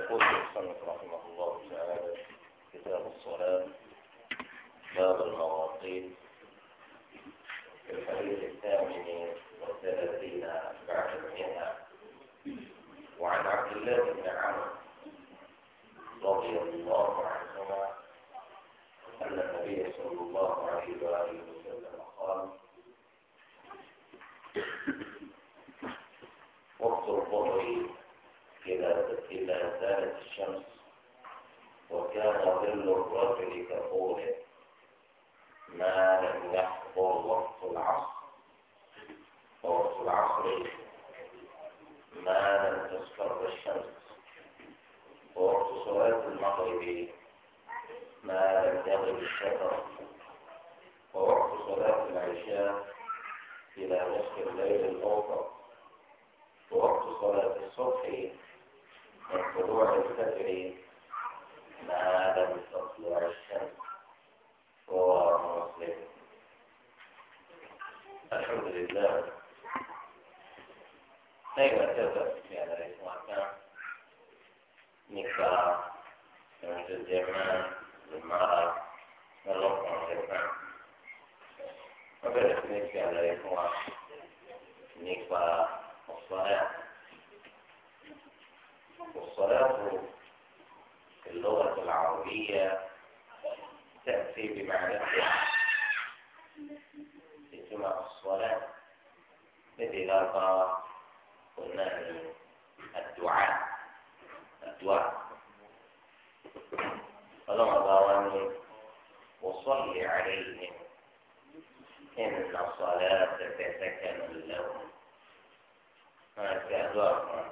يقول سمك رحمه الله تعالى كتاب الصلاة باب المواقيت في الحديث الثامن والثلاثين بعد المئة وعن عبد الله بن عمرو رضي الله عنهما أن النبي صلى الله وكان ظل الرجل كقوله ما لم يحضر وقت العصر ووقت العصر إيه؟ ما لم تسكر الشمس ووقت صلاة المغرب إيه؟ ما لم يغرب الشفق ووقت صلاة العشاء إلى نصف الليل الأوسط ووقت صلاة الصبح إيه؟ من طلوع الفجر أن هذا بالفضل والشر رواه مسلم الحمد لله أيوة تبقى في هذا الإسلام نكاح الجماع المرأة والأخوة الجماع وبدأت نكفي على الإخوة نكفى الصلاة والصلاة اللغة العربية تأتي بمعناها لتمع الصلاة مثل قال قلنا الدعاء الدعاء فلما ضاوني وصل عليهم إن الصلاة تتسكن لهم ما كادوا أفهم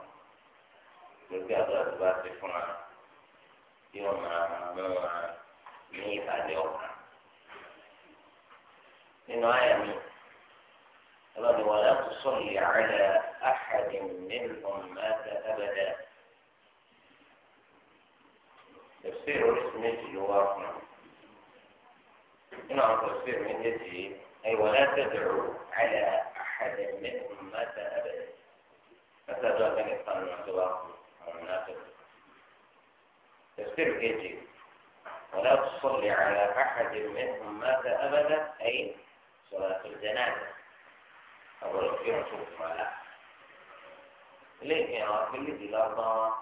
ما في أثبات yóò máa mú wọn ní ìbàlẹ̀ ọkàn. nínú àyà mi ọlọ́dún wọn láti sọ̀rọ̀ yàrá àhàdì nínú ọ̀nàmọ́ta abẹ́dẹ́. tẹ̀sí oríṣi méjì ló wá fún un. nínú àwọn tẹ̀sí méjèèjì ẹ̀wọ̀n láti dẹ̀rù àyà àhàdì nínú ọ̀nàmọ́ta abẹ́dẹ́. látàdúrà kẹ́kẹ́ kan náà tó wá fún un àwọn náà tẹ̀sí. تفسير كيجي ولا تصلي على أحد منهم مات أبدا أي صلاة الجنازة أو لو في رسول الله لكن في الذي لا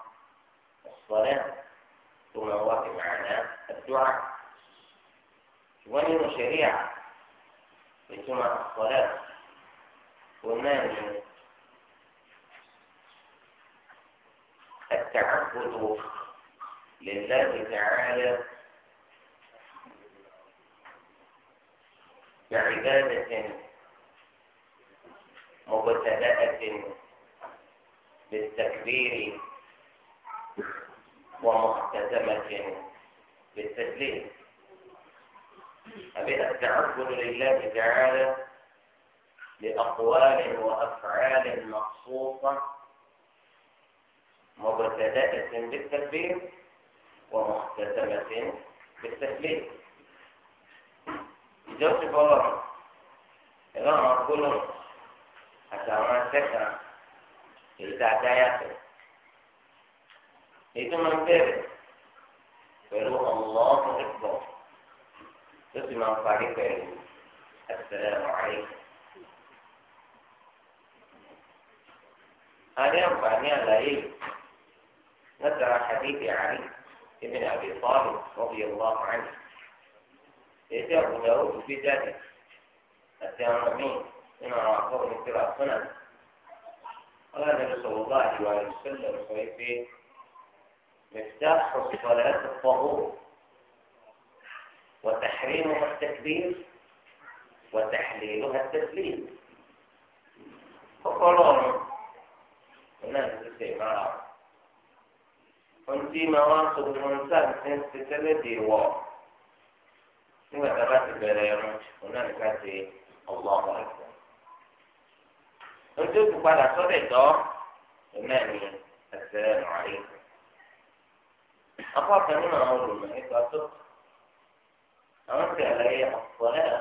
الصلاة ثم هو بمعنى الدعاء ومن شريعة بسمع الصلاة وما التعبد لله تعالى بعبادة مبتدأة بالتكبير ومختتمة بالتسليم أبي التعبد لله تعالى بأقوال وأفعال مخصوصة مبتدأة بالتكبير ومحتسبة بالتكليف جوت بولر إذا ما أقوله حتى ما أنتك إذا دايته إذا ما أنتك فلو الله أكبر جوت ما أفعلك السلام عليكم هذا ينفع أن يلاقيه نذر حديث عليه ابن أبي طالب رضي الله عنه إذا أبو داود في ذلك الدارمين من أعطاه من كلا سنة قال النبي صلى الله عليه وسلم في مفتاح صلاة الطهور وتحريمها التكبير وتحليلها التسليم فقالوا ما أعرف ohun ma wá sọ gbogbo ohun tá à ń ṣe ń ṣe tẹ́lẹ̀ dè wọ̀ nígbà tá a bá ti bẹ̀rẹ̀ ẹ̀rọ òun náà nìkan ṣe ọ̀gbọ́n ọmọ ẹ̀sẹ̀. ohun tó ti padà sọ́dẹ̀ tọ́ òun náà ni ẹ̀sẹ̀ ti àwọn mí tó rẹ̀ أخاف من أمر المعيشة mọ عليه الصلاة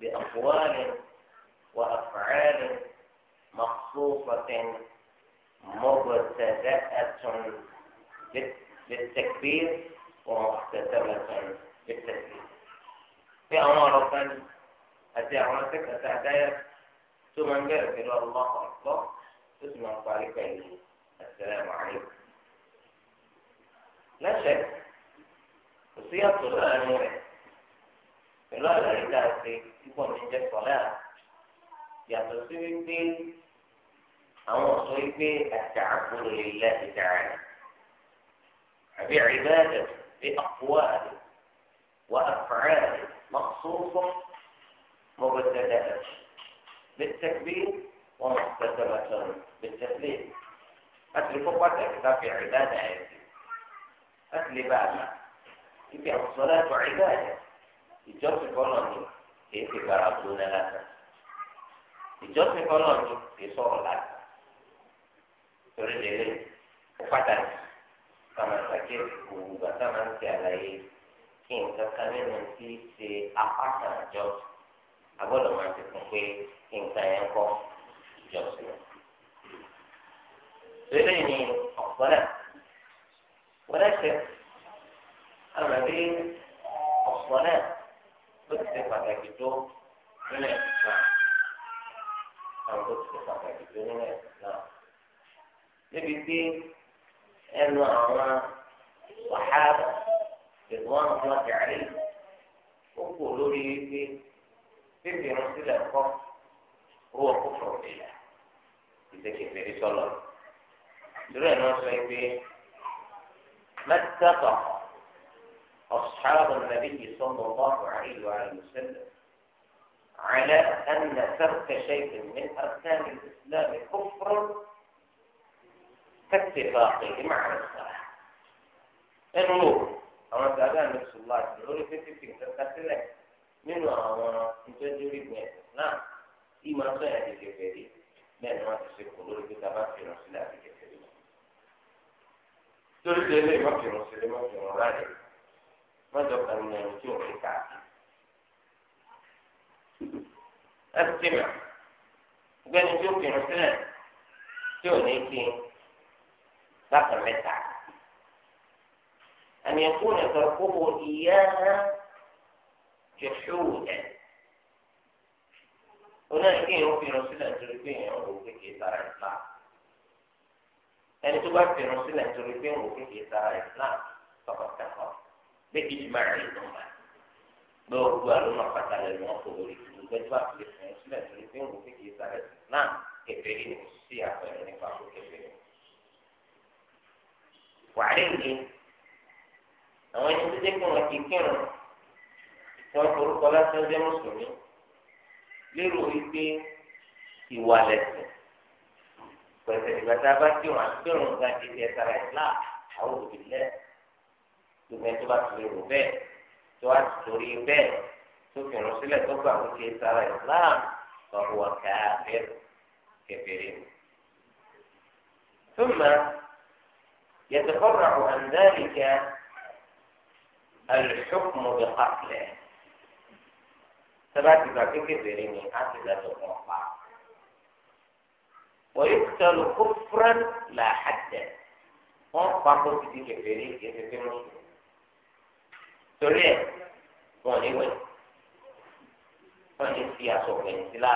بأقوال وأفعال ẹ tún. للتكبير ومحتسبة للتكبير في أمارة ثانية أتي أمارتك أتعدايا ثم انجرت إلى الله أكبر تسمع طريقين السلام عليكم لا شك وصيغة الصلاة نوعين الصلاة التي تأتي تكون من جهة الصلاة يتصل به أو صيغة التعبد لله تعالى بعبادته بأقواله وأفعاله مخصوصة مبتدأة بالتكبير ومختتمة بالتسليم أتلي فقط في عبادة عندي أتلي بعد في الصلاة عبادة يجوز كونوني كيف يقرأون لك يجوز كونوني في صورة لك تريد إليه kàmá sàkè òwúgbà kàmá ń ti àlàyé kí nǹkan kan nínú ti ṣe apáta àjọ agbọ́dọ̀ máa ti kún pé kí nǹkan yẹn kọ́ ìjọsìn. Lélẹ̀ ni ọ̀pọ̀lá wọlé ṣe àmàlí ọ̀pọ̀lá ló ti ṣe pàtàkì tó nílẹ̀ ìgbà àwọn tó ti ṣe pàtàkì tó nílẹ̀ ìgbà. Níbi tí ẹnu àwọn wàhálà ìwọ́n wọn jàre ó kò lórí wípé bíbí irun sílẹ̀ kọ́ owó kò fọ̀rọ̀ nílẹ̀ ìdẹ́kẹ̀fẹ́ rí sọ́lọ̀ ìdúró ẹ̀ náà sọ pé mẹ́tẹ́tọ̀ أصحاب النبي صلى الله عليه وآله وسلم على أن ترك شيء من أركان الإسلام كفر كاتفاقه مع الصلاة النور أما تعالى النبي صلى الله عليه وسلم يقول في في كاتفاقه nínú àwọn ìjọjúrí gbẹ̀yìn náà tí máa sọ yàtì kẹfẹ́rí bẹ́ẹ̀ ni wọ́n ti ṣe kò lórí pé tá a bá fi ràn sílẹ̀ àti kẹfẹ́rí mọ́. torí pé eléyìí má fi ràn sílẹ̀ má fi ràn rárẹ̀ má jọ ní ẹni tí ò fi ẹ ti mà gbẹ́ni tí ó fi ràn sílẹ̀ tí ò ní kí n bákan mẹ́ta àmì ẹ̀kọ́ ní ẹ̀kọ́ kókó ìyá jẹ̀ṣọ́wò ẹ̀ onáyìn kí èèyàn fi irun sílẹ̀ nítorí pé èèyàn wò kékeré sára ìsìlá ẹni tó bá fi irun sílẹ̀ nítorí pé èèyàn wò kékeré sára ìsìlá tọkọtẹkọ bí ìjìmá rẹ̀ ló ma gbogbo àlùmọ̀ pàtàkì lọ́wọ́ kò lórí ìgbẹ́ tó bá fi irun nítorí pé èèyàn wò kékeré sára ìsìlá kẹfẹ́ yìí sí àpẹẹrẹ nípa kó kẹfẹ́ yìí wàhálẹ́ǹdì àwọn ẹni tó dé kí wọn ti kírun tí wọn forúkọ lásán jẹ́ mùsùlùmí lérò wípé ìwà lẹ̀sìn pẹ̀sẹ̀ ìgbà tá a bá kírun àkírun ga ti di ẹ̀ka ìlà àwọn òbí lẹ̀ gbogbo ẹni tó bá ti lérò bẹ́ẹ̀ tó wá torí bẹ́ẹ̀ tó fìrun sílẹ̀ tó gbà wọ́n ti ẹ̀ka ìlà ọ̀hún ọ̀kà kẹfẹ́rẹ́. ثم يتفرع عن ذلك الحكم بقتله ثلاث ذاك بريني عدد الأربعة ويقتل كفرا لا حد هم بعض الذين بريني يتفرعون تري فاني وين فاني في أسوأ من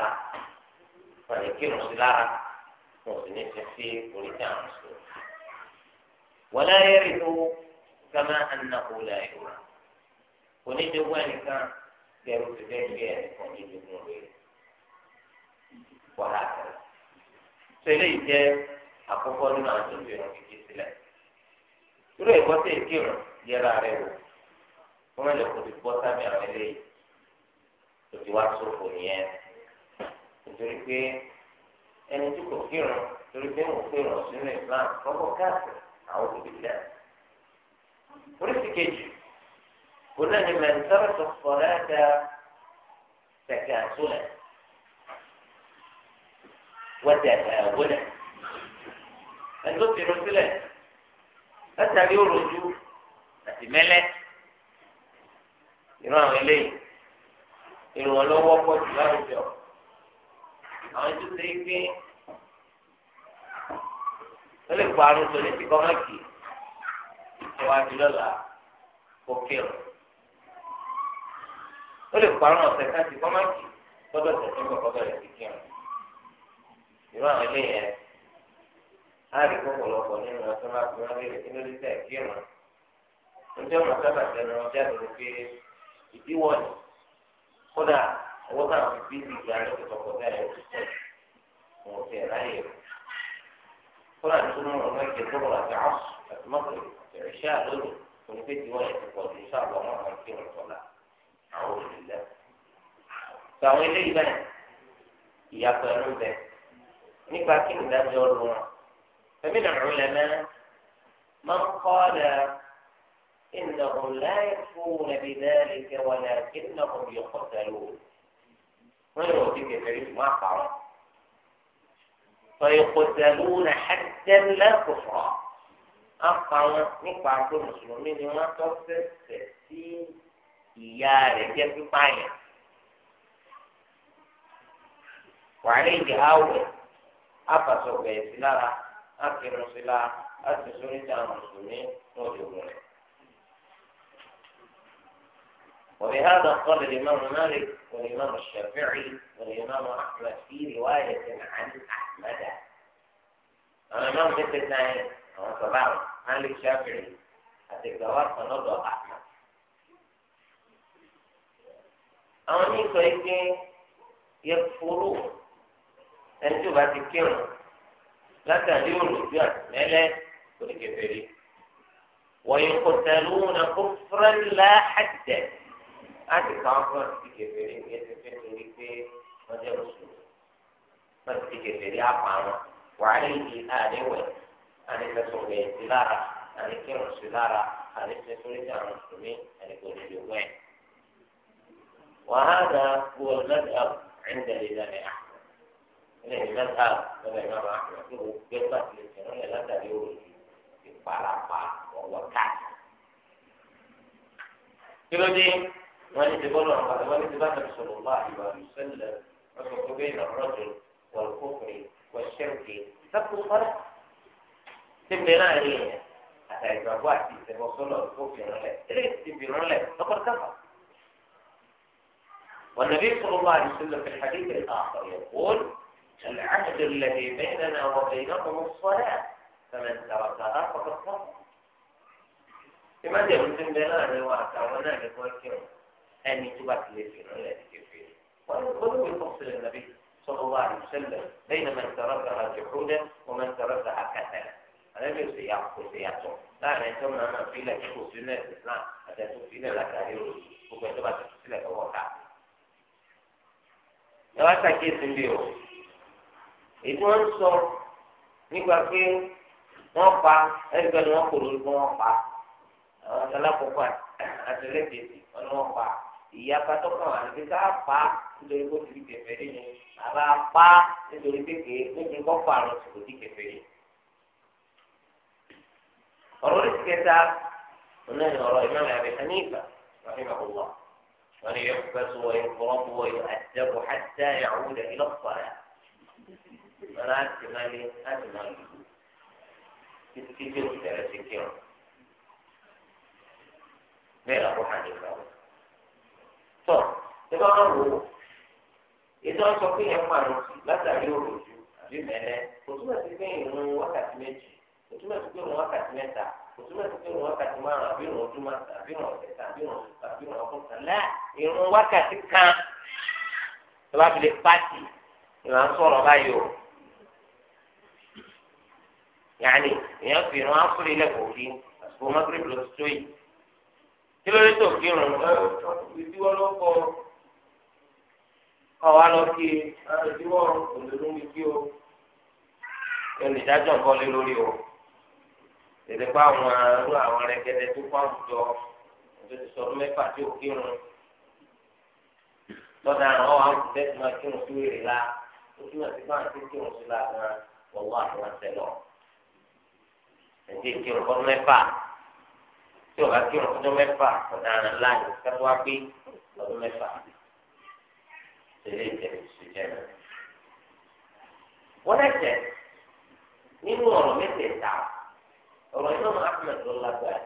فاني كيلو سلارة فاني في أسوأ wọlé ayẹyẹ tó kama ana òòlà ìwà onídjogún ẹnìkan gẹrù ti bẹ gbé ẹnìkan onídjogún rẹ wọlé àtàlà sẹlẹ yìí jẹ àkọ́kọ́ nínú àwọn tó ń bẹ wọn kékeré sílẹ̀ irú ẹ̀kọ́ tẹ̀ kírun yẹra rẹ wò wọn lè kó ti bọ́ sábẹ́ àwọn eléyìí tó ti wá sófò nìyẹn nítorí pé ẹni tí kò kírun torí pé wọn kírun sínú Islam lọ́kọ̀ káàkiri àwọn òbílẹ̀. oríṣi kejì òun náà ni mẹ́tẹ́rẹ́ tó kọ̀ dáadáa tẹ̀kẹ́ àtúnlẹ̀ wọ́tẹ̀ ẹ̀wọ́lẹ̀ ẹ̀tọ́ tìrú sílẹ̀ látàrí òròjú àti mẹ́lẹ́ irú àwọn eléyìí irú pọ̀ jù láwùjọ àwọn ètò ṣe é gbé ó lè pa arúgbó lè fi kọ́mọ́kì ìwà àdìlọ́là kò kírun ó lè pa arúgbó ọ̀sẹ̀ káàkiri kọ́mọ́kì gbọ́dọ̀ tẹ̀sí kọ́kọ́ bẹ̀rẹ̀ sí kírun irú àwọn ilé yẹn á rí nínú ọ̀sẹ̀ máa fi wọn léèrè kí ló dé tẹ̀ kírun ó jẹ́ ọ̀nà sábà tẹnu wọn jáde pé ìdíwọ́ ni kódà owó náà fi bí ìgbà lókè tọkọtaya ẹ̀ ti tẹ̀ fi ẹ̀ kọ́lá ìtumọ̀ ọ̀rọ̀ ẹ̀jẹ̀ tó rọra ti àṣù àti mọ́kìlì ìrìṣẹ́ àlónì onígbé tí wọ́n yẹ ti pọ̀ ju sáàbọ̀ ọmọ kan kí wọ́n tọ́lá àwọn olùlẹ̀. sàwọn eléyìí náà ìyàtọ̀ ẹnu bẹ nípa kí ni dájọ́ ọ̀rọ̀ wọn. fẹ́mi nàá rẹ̀ mẹ́rin máa ń kọ́ ọ̀dà إنهم لا يكفون بذلك ولكنهم يقتلون. ما يروي كيف يسمع قرآن فيقتلون حتى لا كفرا أقوى نقطع كل مسلمين ما تصل ستين إيار جنب طاية وعليه أول أفسق بإسلام أكرم سلاح أتسوني تام مسلمين موجودون وبهذا قال الإمام مالك والإمام الشافعي والإمام أحمد في رواية عن أحمد أنا ما مثل الثاني أنا سبعة مالك شافعي الدكتور فنضع أحمد أنا نيكو يكفرون ẹni tí o bá ti kírun látàrí olùdí àtìmẹ́lẹ́ kò ní kẹfẹ́ rí. wọ́n yóò láti kà wọn fún ọtí kẹfẹrí ní ẹsẹ fẹ torí pé wọn jẹ mùsùlùmí wọn ti kẹfẹrí apá wọn wàhálà yìí àníwẹ ànífẹsọgbẹ ẹsẹ lára àníkẹrùn sí lára ànífẹsọrẹsẹ àwọn mùsùlùmí àníkọlùdùgbọ ẹ. وهذا هو المذهب عند الإمام أحمد. المذهب لدى الإمام أحمد هو قصة للسنة لا تدور في الفرقة وهو كعب. كيلو دي واجب رسول الله صلى الله عليه وسلم الفرق بين الرجل والكفر والشرك تبقوا الصلاه تبقينا عليها حتى إذا واحد يتوصل الكفر إليه تبقينا عليها تبقى كفر والنبي صلى الله عليه وسلم في الحديث الآخر يقول العهد الذي بيننا وبينكم الصلاة فمن تركها فقد كفر لماذا يقول تبقينا عليها وأنا أقول كفر أن تبات ليس إلا كفير ولو يفصل النبي صلى الله عليه وسلم بين من تركها جحودا ومن تركها كسلا النبي سيعقل سيعصم لا أن يتم أن في لك سنة الإسلام حتى تفيد لك هيرو وكي تبات تفصيلك وقع لو أتاكيت بيو إذن أنصر nígbà pé wọn pa ẹgbẹ ni wọn kò lórí fún wọn pa àwọn alákòókò àtẹlẹgbèsì wọn ni wọn pa ìyapa tó kàn wá ní pé ká pa nítorí kó ti di kẹfẹ rí ni àbá pa nítorí pé kéé níbi kó pa àrùn tí kò di kẹfẹ rí. ọ̀rọ̀ orí ti kẹta ọ̀nà ni ọ̀rọ̀ Imam Abi Hanifa rahimahullah wọn ni yóò fẹ́ sọ wọ́n fọ́ bọ́ yóò àdẹ́kù hatta ya'uda ila as-salah wọn láti máa lé títí tí yóò tẹ̀lé sí kírun bẹ́ẹ̀ lọ́kọ̀ hàn ní ìgbà wọn. tọ ìbá wọn wò ó ètò wọn pé yẹn fún àrùn sí látàrí òròjú àbí mẹlẹ kò sí pé ìrún wákàtí méjì kò sí pé ìrún wákàtí mẹ́ta kò sí pé ìrún wákàtí márùn àbí ìrún àbí ìrún àbí ìrún àbí ìrún ìrún wákàtí kan bá fi lè pàtì báyìí o yàní ìyẹn fi ìrún kí ló dé tó kírun ìdíwọ́ ló kọ ọ̀wá lọ kí ìdíwọ́ òlòlómi kí o olùdájọ́ nǹkan lé lórí o tètè pa àwọn arú àwọn rẹ̀gẹ̀dẹ̀ tó kọ́ àwùjọ òtútù sọdún mẹ́fà tí ò kírun lọ́dà àwọn àwọn kùtẹ́ tí wọ́n kírun sí wèrè la ó túmọ̀ sí fáwọn tí kírun sí la gan-an wọ́n wà ní wọn ẹ̀jẹ̀ kírun fọdún mẹ́fà tí ọba kí ọdún mẹ́fà ọ̀daràn láàyè kẹ́kọ̀ọ́ wá pé ọdún mẹ́fà tẹ̀lé ìtẹ̀lé ìṣèjẹ́ rẹ̀. wọ́n ẹ̀jẹ̀ nínú ọ̀rọ̀ mẹ́tẹ̀ẹ̀ta ọ̀rọ̀ iná máa fi mẹ́tọ́ lágbára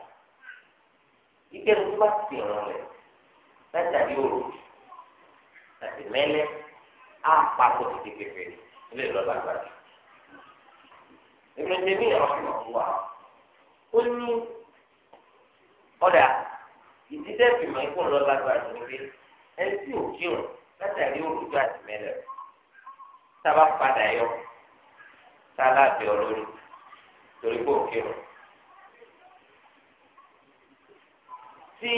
ike ló bá ti rán rẹ̀ látàrí òru àti mẹ́lẹ́ á papọ̀ tètè kékeré ilé ìlú ọlágbára. ìrìnàjò mi ọ̀rọ̀ ọ̀hún wa ó ní kọ́dà ìdílé ìgbìmọ̀ ikú ń lọ lágbára ní pé ẹni tí ò kírun látàrí òrùjọ àti mẹ́lẹ̀ sábà padà yọ sálábì ọlọ́run torí pé ò kírun. tí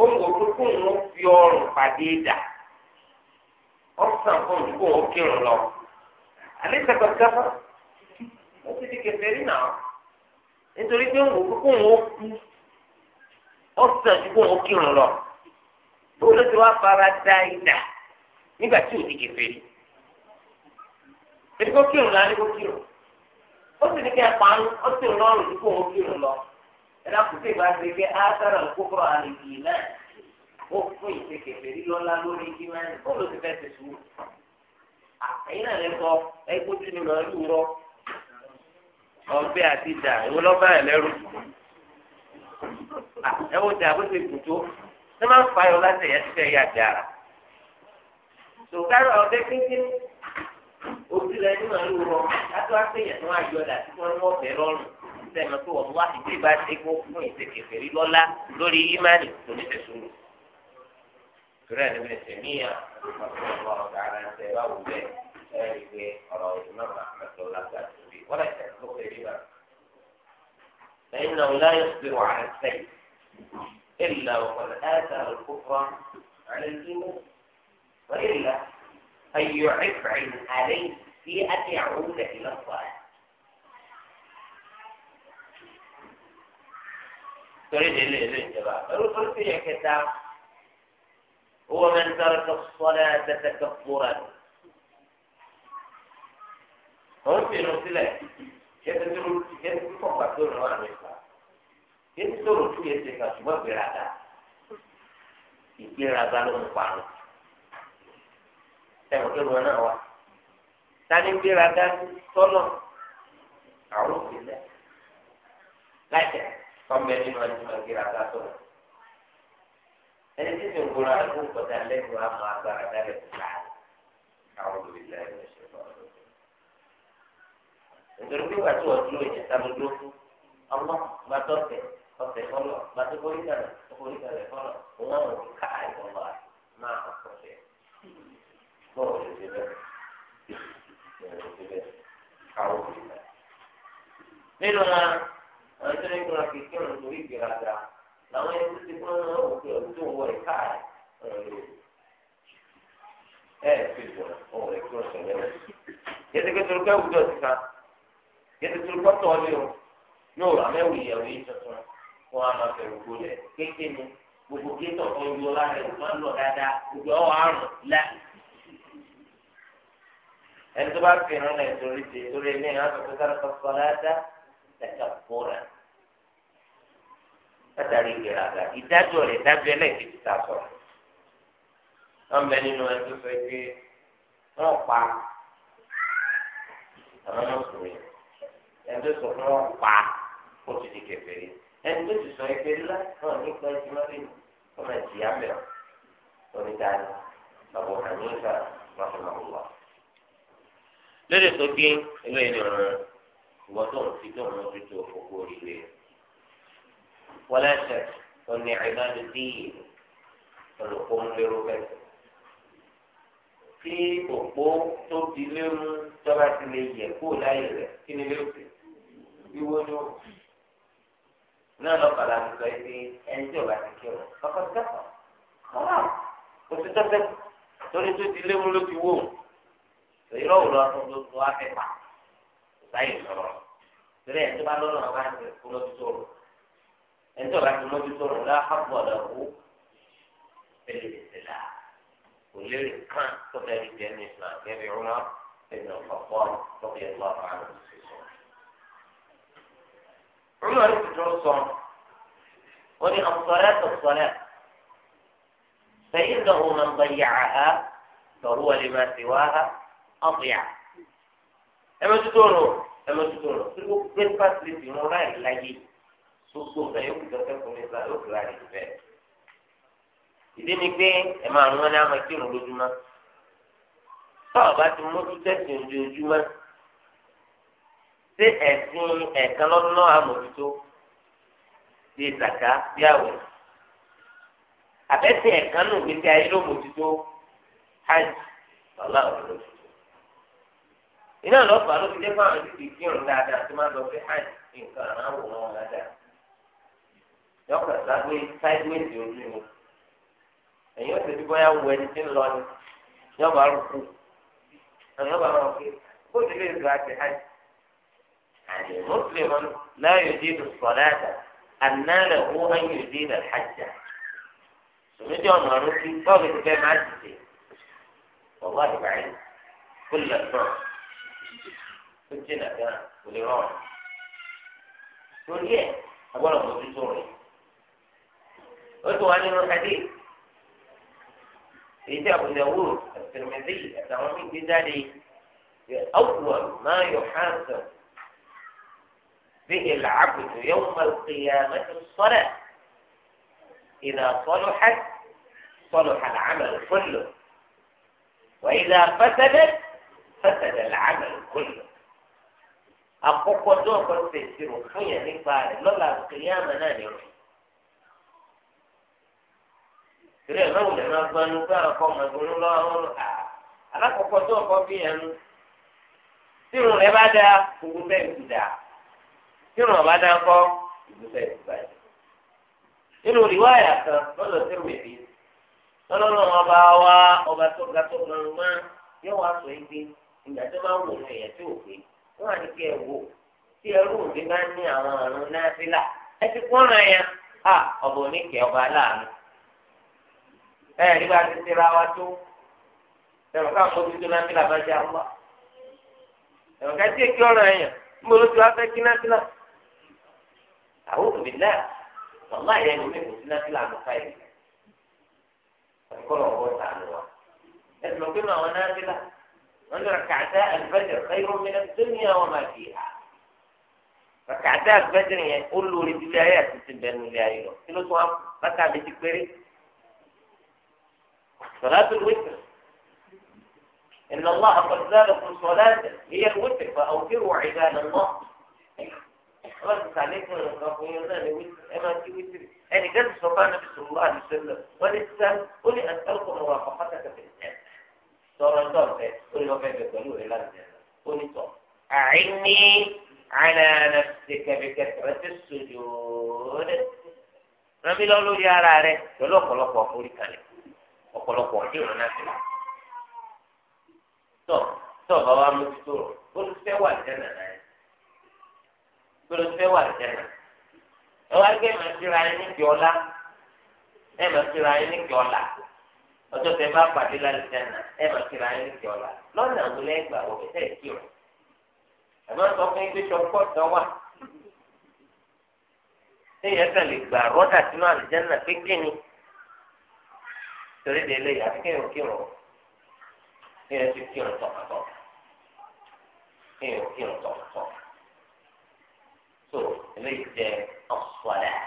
ohun òkúkú ń fi ọrùn pàdé dà ọ̀sán fún òkú òkírun lọ. àlẹ́ ìtẹ̀kọ̀ gáfà ó ti di kẹfẹ́ rí náà. nítorí pé òun kúkú òun ó kú ó sàn ju kírun ti wá fara da ìdá nígbà tí òun ti rí èdè kó kírun lọ àdékó kírun ó sì ní kí ẹ pa ń ó sì ń lọrùn ju kó òun kírun lọ ẹ̀dá kò sí ṣe pé ására òkúkọ àlejò náà ó fún ìṣe kẹfẹ́ rí lọ́la lórí bó ló ọgbẹ́ àti ìdá ìwọ lọ́ba ẹ̀ lẹ́rù ẹ wo dà bó ṣe kù tó ṣé máa ń fa ayọ̀ láti ẹ̀yà ti fẹ́ yà dára tòkárọ̀ ọ̀dẹ́ kéńké ojú rẹ̀ nínú ẹ̀rù rọ látọ̀ àpéyàn tó wá yọ dà tí wọ́n wọ́n bẹ̀ lọ́rùn sẹ́nu tó wọ́n wá ìdí ìbá ṣe kó fún ìṣèkèfé rí lọ́lá lórí ímánì tó ní tẹ̀sùrù torí ẹni bí ẹsẹ níyà ọ̀pọ̀lọpọ̀ ọ̀gá ara ẹsẹ bá wù bẹ́ẹ̀ ẹ̀ ẹ́ rí i pé lágbàdo. ولا يستحق الربا فإنه لا يصبر على السيف إلا وقد آثر الكفر على الإيمان وإلا أن عفع عليه في أن يعود إلى الصلاة تريد إليه الجواب الرسول كتاب هو من ترك الصلاة تكبرا òun fi irun sílẹ̀ yẹtí tó yẹtí tó kọ̀ọ̀kan tó rìn wà ní ìfà yẹtí tó rìn tó yẹtí kan ṣùgbọ́n ìgbéraga ìgbéraga ló ń parun ẹ̀rọ tó lọ náà wá tani gbéraga tọ́lọ̀ àwọn òfin lẹ̀ láìpẹ́ ọmọ ẹni máa ń tún gbéraga tọ́lọ̀ ẹni tí mi ń gbóra ẹni ń kọjá lẹ́nu àmọ́ agbára dálẹ̀ tó láàyè àwọn olùdílé ẹni ṣe fọ́ọ̀rọ̀ nítorí pé ìgbà tí wọ́n dúró ìyẹn dúró fún ọmọ bá tọ̀tẹ̀ ọ̀tẹ̀ fọlọ̀ bá tó borí kalẹ̀ tó borí kalẹ̀ fọlọ̀ òun àwọn òbí ká ìwọ̀nba máa kọ̀ tọ̀tẹ̀ bọ́ọ̀ ṣe bẹ́ẹ̀ lè ṣe bẹ́ẹ̀ káwọ́ òbí náà. nínú wa àwọn ìṣẹ̀lẹ̀ ìgbà kékeré ọ̀rọ̀ torí ìgbéraga làwọn ẹni tó ti kọ́ òkè ọ̀rọ̀ tó wọ ìka ọ̀rọ̀ lè ẹ̀ fi bọ̀ ọ̀rọ̀ ẹ̀kọ́ sọ̀rọ̀ ẹ̀ yẹtù tó lọ́tọ̀ ọ́ lé o yóò rà mẹ́wù ìyàwó yìí tuntun wọn a máa fẹ̀rù kó lẹ̀ kéèké ni gbogbo kéèké ọ̀tọ̀ yóò lára ẹ̀ máa ń lọ dáadáa gbogbo ọ̀ àrùn lá. ẹni tó bá fìràn náà torí ti torí ilé yẹn wọn fẹ́ kára sọ́kọ́ dáadáa ẹ̀ka fúnra látàrí ìgbéraga ìdájọ́ rẹ̀ dájọ́ ẹlẹ́ẹ̀kejì ta sọ̀rọ̀ wọn bẹ nínú ẹni tó sọ pé wọn pa àwọn mùsùlùmí ẹni tó sọ fún wọn pa ó ti di kèfèrí ẹni tó ti sọ ẹgbẹ́ ńlá náà nípa ẹtì má bẹ ọmọ ẹtì yá mẹ onídàáni Abu Hanifa rahimahullah. lórí tó gé eléyìí ni ọ̀rọ̀ ìwọ tó ń fi tó ń fi tó fòkó oríire wọlé ẹsẹ òní àìmáàdù díì olùkọ́ bẹ́ẹ̀ tí òpó tó di lérú tọ́ba ti lè yẹ kó láyè rẹ̀ kí ni lérò bẹ́ẹ̀ ìwọ́jọ́ náà lọ́kàn láti sọ pé ẹni tí ọba ti kí ọ lọ́kàn sẹ́kọ̀ọ́ kọ́lá oṣù tẹ́tẹ́ torí tó ti léwu ló ti wó èyí lọ́wọ́ lọ́wọ́ tó tó tó wá fẹ́ pa sáyé sọ̀rọ̀ torí ẹni tó bá lọ́nà ọba ń tẹ̀ kó lọ́dún tó rò ẹni tó bá ti mọ́jú tó rò lọ́wọ́ àpọ̀ lọ́wọ́ pẹ̀lú ìṣẹ̀lá kò lérè kán tó fẹ́ẹ́ di jẹ́ ní ìsìlá gẹ́gẹ́ bí rúmọ́ ẹ̀yìn ọ̀pọ̀ pọ̀ lọ́kẹ́ ìlú ọ̀pọ̀ àrùn sí. عمر بن عثمان ومن الصلاة الصلاة فإنه من ضيعها فهو لما سواها أضيع أما تدورو أما تدورو تقول بين في مولاي لاجي سوسو فيوك تتكو مثلا يوك لاجي فيه ìdí ni pé ẹ máa rún wọn ní àmọ́ kírun ṣé ẹ̀sìn ẹ̀kan lọ́dún àmójútó bíi zaka bíi àwẹ̀ àbẹ́sìn ẹ̀kan nù gbèsè ayé ló hajj lọ́la òun iná lọ́pàá ló fi dé fáwọn ìdíje kírun dáadáa tó máa lọ sí hajj nǹkan àwọn òun dáadáa yọkọ ságbé sáígbéèdì ojú ni ẹ̀yin ọ̀sẹ̀ tí bọ́yá wọ ẹni tí ń lọ ni yọba rúkú àwọn yọba rọ pé kó ti lè يعني مسلم لا يجيد الصلاة أن له أن يجيد الحج سمعتي يا ماروكي طالب كيف عجزي والله بعيد كل الفرق كنت هنا كان والإيران تقول إيه أقول لك موجود سوري أتوا أنا الحديث إذا أبو داوود الترمذي الترمذي ذلك أول ما يحاسب به العبد يوم القيامة الصلاة إذا صلحت صلح العمل كله وإذا فسدت فسد العمل كله أقوى دور في روحية نفاعل لولا القيامة لا نرى ترى نولي نظن فارقوم نقول الله أنا أقوى دور في روحية نفاعل لولا القيامة لا نرى tírun ọba dáńkọ́ ìgbésẹ̀ ìgbàlẹ̀. nínú rìwáyà kan lọ́dọ̀ tí mi rí ọba wa ọba tó ga tó lọ́rùn mọ́ yóò wá sọ igi ìgbà tó máa wò tí ò pé kí ẹ wò tí òbí bá ní àwọn náà ẹ ti yẹn a ọba oníkẹ́ ọba aláàánú. ẹ rí bá ti tẹ́ra tó ẹ̀rọ ká kó tuntun náà أعوذ بالله والله يا يومين مسلمين في العمل خير كل عبوات عن الله اسمه كلمة ونافلة من ركعتا الفجر خير من الدنيا وما فيها ركعتا الفجر يقول يعني له لبدايات تبين مليارين كيلو سوام ركع بتكبري صلاة الوتر إن الله قد زادكم صلاة هي الوتر فأوفروا عباد الله wọ́n ti sàlékún nǹkan fún yín náà ní wíṣí ẹ máa ti wíṣí rí ẹnìkan ti sọ fún anabi sọlọ àdìsẹlẹ wọ́n ní sísá ó ní àtàkùn ọmọ wa pàpàtà kẹfẹ ẹ sọ̀rọ̀ ń dọ̀fẹ́ ó ní ọ̀fẹ́ bẹ pẹ̀lú rẹ láti ẹ̀ ó ní tọ̀ àìní àìnàna ti kẹ̀kẹ́ rẹ ti sojú rẹ rẹmi lọ lórí ara rẹ pẹ̀lú ọ̀pọ̀lọpọ̀ forí kalẹ̀ ọ̀pọ̀lọpọ̀ ìrìn náà ti lọ tọ̀ tọ̀ bá wa mú ti tó rọ̀ ó ti fẹ́ wà jẹ́ nàná yẹn tó ló fẹ́ wà lẹ́nà ẹ wá gbé màá síra ẹ ní kíọ́lá ẹ màá síra ẹ ní kíọ́lá ọjọ́ tẹ bá pàdé lálẹ́ lẹ́nà ẹ màá síra ẹ ní kíọ́lá lọ́nà àwọn ẹgbàá wọ ẹ kí o àmọ́ sọ fún yín pé sọpọ́ tán wà ẹ̀yẹ kan lè gbà rọ́dà sínú àlùjáná pé ni torí de lè yà kéwòn kéwòn kéwòn ti kéwòn tọ̀kọ̀tọ̀ kéwòn kéwòn tọ̀kọ̀tọ̀. مد الصلاة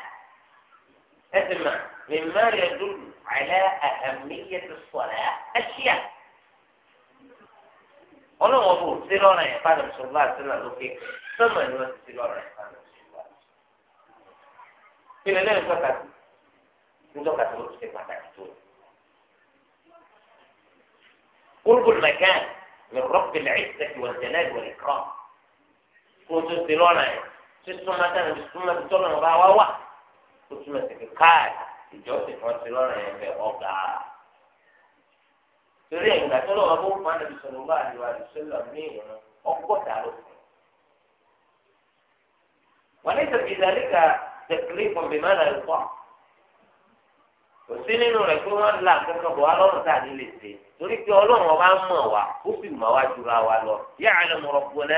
هذا مما يدل على أهمية الصلاة أشياء أنا أقول سيرانا يا فاطمة صلى الله عليه وسلم ثم نوسي سيرانا يا فاطمة صلى الله عليه وسلم في لنا نفسك نفسك نفسك نفسك قرب المكان من رب العزة والجلال والإكرام قلت سيرانا يا tí súnmọ́tà ní súnmọ́tà tó lọ́nà bá wá wà ó túmọ̀ sí káì ìjọsìn kan ti lọ́nà yẹn fẹ́ ọ̀gá. torí ẹ̀yìn ìgbà tó lọ́wọ́ bó fún àdàbí sọ̀rọ̀ wá àdìwà àdìsọ́lọ̀ ní ìrún ọgọ́ta ló fún un. wọ́n ní sọ̀rọ̀ ìdálẹ́ka tẹ̀kílì kọ̀m̀bìmọ́nà ẹ̀kọ́ kò sí nínú rẹ̀ pé wọ́n là kankan bọ̀ wá lọ́rùn tá a nílé ṣe torí pé ọlọ́run ọba ń mọ̀ wá ó sì mọ̀ wá jura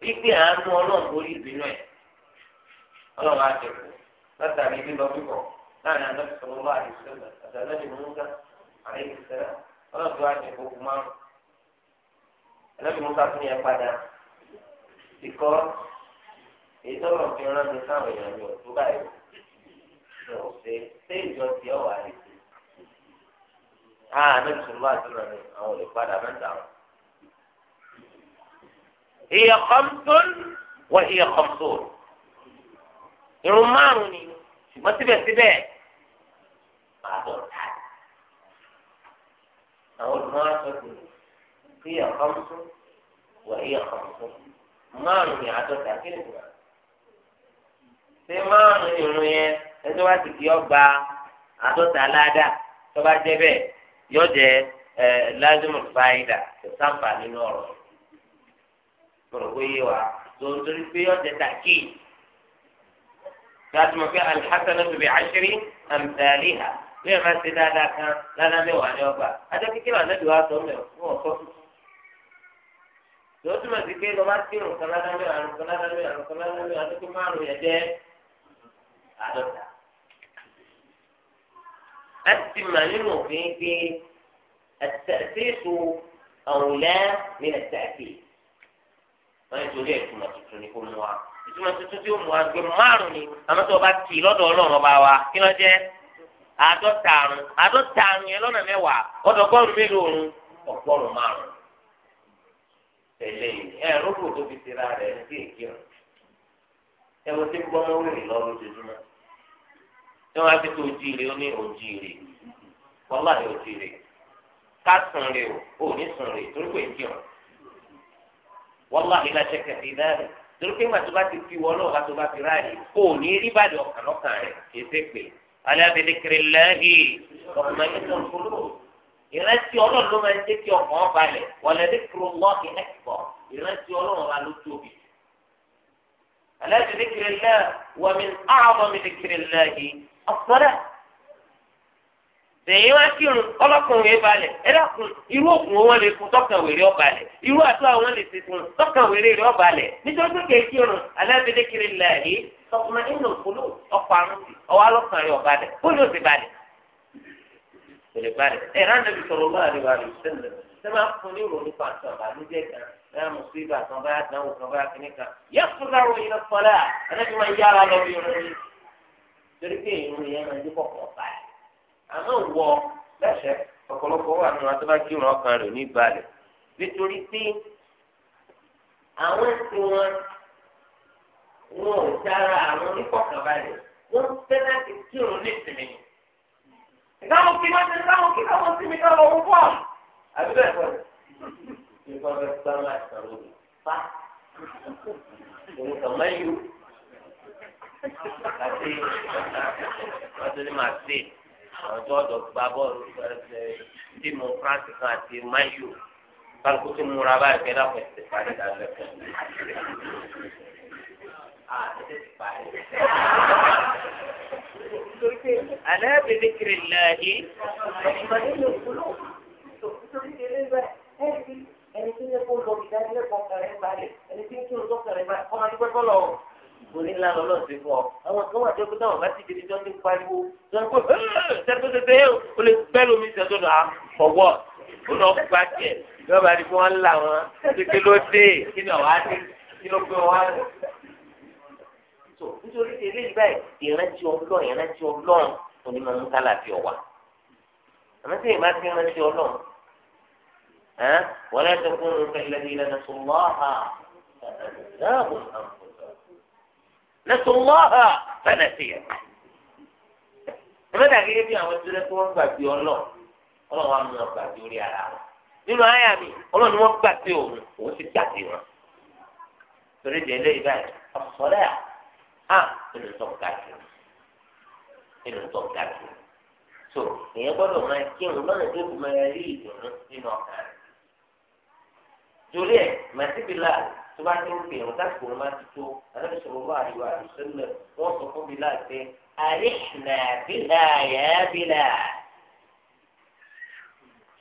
pípé àánú ọlọ́run borí ìbínú ẹ̀ ọlọ́run á jẹ kú látàrí ibi lọ bíbọ̀ láàrin àdókò sọ̀rọ̀ bá àdìsẹ́lẹ̀ àdàlẹ́ ìmúta àdìsẹ́lẹ̀ ọlọ́run tó á jẹ kó kú márùn àdàlẹ́ ìmúta tún yẹ padà ìkọ́ èyí tọ́lọ̀ fi rán mi sáwọn èèyàn mi ò tó báyìí lọ sí ṣé ìjọ ti ọ̀ wà á lè ṣe. bá àdúrà ni àwọn olè padà هي khamsun وهي hiya khamsun ما márùn ni ṣùgbọ́n síbẹ̀síbẹ̀ máa هي tá وهي olùmọ̀ ما ti hiya khamsun wa hiya khamsun márùn ni àádọ́ta kí ni ìgbà ṣé márùn irun yẹn ẹjọ́ wá ti kí ọgbà àádọ́ta aláàdá tó bá jẹ́ bẹ́ẹ̀ yọ jẹ́ ẹ̀ lázùmù fáyidà tó sáǹfà nínú ọ̀rọ̀ yẹn. برغوية وزون تريفية تتأكي ذات ما فيها الحسنة بعشر أمثالها ليه ما استدادا كان لنا ميوى نيوبا هذا كتير أنا دواء تومي زود ما ذكي لما تكير رسنا دمي رسنا دمي رسنا دمي هذا كمانو يجي هذا التمانين في التأسيس أو لا من التأثير wọn nítorí ìtumọ̀ tuntun ni kò mú wa ìtumọ̀ tuntun tí ó mú wa gbé márùn ni àmọ́ tí wọ́n bá tì lọ́dọ̀ ọlọ́run ọba wa kí ló jẹ́ àádọ́ta àrùn àádọ́ta àrùn yẹn lọ́nà mẹ́wàá ọ̀dọ́gọ́rùn mélòó òrùn ọ̀gbọ́rùn márùn tẹ̀lé ẹ̀ rúbù tó fi tira rẹ̀ ní kéèké ọ̀ ẹ wo tí gbọ́mọ wèrè lọ lójoojúmọ́ tí wọ́n á tó ojúire ó ní ojúire wọ́n láì ojúire ká sùn rè o ò ní sùn rè torí pé kírun wallahi la shakka fi dhalik torí pé màtó bá ti fi wọlé ọ̀gá tó bá fi ráàyè kó o ní rí bàdé ọ̀kan lọ́kàn rẹ̀ kì í ṣe pé ala bi dhikrillahi tatma'innul qulub ìrántí ọlọ́run ló máa ń jẹ́ kí ọkàn balẹ̀ wa la dhikrullahi akbar ìrántí ọlọ́run wa ló tóbi. ala bi dhikrillahi wa min a'zami dhikrillahi as-salah tẹ̀yìn wá kírun ọlọ́kùnrin yẹn balẹ̀ ẹ dákun irú òkun wọn lè fún tọkàn wèrè ọbalẹ̀ irú àtúwà wọn lè ti fún tọkàn wèrè rẹ ọbalẹ̀ nítorí pé kìí kírun alábẹ́dẹ́ kiri làyè tọkùnrin nínú òkúlù ọkọ̀ àrùn ọwọ́ alọ́kàn rẹ kó ló ti balẹ̀ balẹ̀ bí sọ̀rọ̀ bá àmọ́ wọ lẹ́sẹ̀ ọ̀pọ̀lọpọ̀ wà nínú àti bá kírun ọkàn rẹ̀ ní balẹ̀ nítorí pé àwọn tí wọn wọn ò dára àwọn oníkọ̀kànbalẹ̀ wọ́n fẹ́ láti kírun nísìnyí. ìdáhùn kí wọ́n ti dáhùn kí káwọn sí mi ká lọ wọ́n fọ́ àbí bẹ́ẹ̀ kọ́ ni wọ́n fẹ́ sá máa sọ̀rọ̀ pa òun kàn máa yú àti àti ní màá sè é àwọn tí wọ́n jọ gba bọ́ọ̀lù tíìmù France kan àti mayu kálukú tí múra báyìí fẹ́ lápẹ̀ ti parí lálẹ́ fún mi. Àlẹ́ bèbè kiri Ẹni tí ń yẹ kó lọ ìdánilẹ́kọ̀ọ́ kẹrẹ́ balẹ̀, ẹni tí ń kí o kẹrẹ́ balẹ̀, ọmọ ẹni pẹ́ kọ́ lọ onílà lọ́lọ́ ti fọ àwọn kan wà tẹ́kọ̀ táwọn bá ti di ìjọ ti pariwo sọ́kò sẹ́kọ̀ tẹ́tẹ́ yẹ o lè bẹ́ẹ̀ lómi sẹ́kọ̀ náà fọwọ́ ó lọ gba tiẹ̀ lọ́ba ni wọ́n là wọn kékeré ló dé kí ni ọ̀wá dé kí ló gbé wọn lọ. nítorí eré ìgbà ìrántí ọlọ́run ìrántí ọlọ́run òní máa ń kálà bí ọ̀wà àmọ́ sí ìmá ti rántí ọlọ́run نسوا الله فنسيهم ẹgbẹ́ dàgé bí àwọn tó rẹ kí wọ́n gbàgbé ọlọ́ ọlọ́wọ́ àmì wọn gbàgbé orí ara wọn nínú àyà mi ọlọ́ni wọn gbàgbé òun òun sì gbàgbé wọn torí di eléyìí báyìí ọ̀sọ̀rẹ́ à á nínú tó ga jù nínú tó ga jù so èèyàn gbọ́dọ̀ máa kí òun lọ́nà tó fi máa rí ìdùnnú nínú ọkàn rẹ̀ torí ẹ̀ màtíbílà tó bá ti ń pè wọn láti kòrò máa ti tó àlẹ́ sọ̀rọ̀ wà àríwá àdùsẹ́lẹ̀ wọ́n sọ fún mi láti àríṣìnà bílà yà bílà.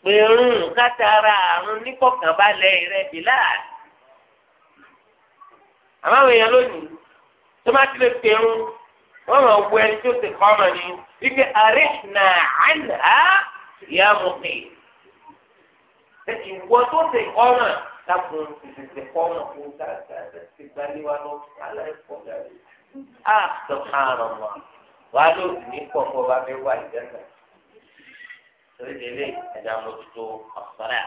pèrún kátàrà àrùn nípọ̀kànbalẹ̀ rẹ̀ bílà. àmọ́ àwọn èèyàn lónìí tó bá ti lè pèrún wọ́n máa wọ ẹni tó ti kọ́ ọmọ ni wípé àríṣìnà àná yà mú pè. ìwọ tó ti kọ́ náà dákun ìṣẹ̀ṣẹ̀ fọ́ọ̀mù kó dáadáa ti gbalé wa lọ aláìfọ́ gàrí. a sọ àrùn wa wà á lòdì ní kọ̀ọ̀kan bá fẹ́ wá ìjẹ́sà. torí délé ẹ̀dá mojútó ọ̀sọ́lá.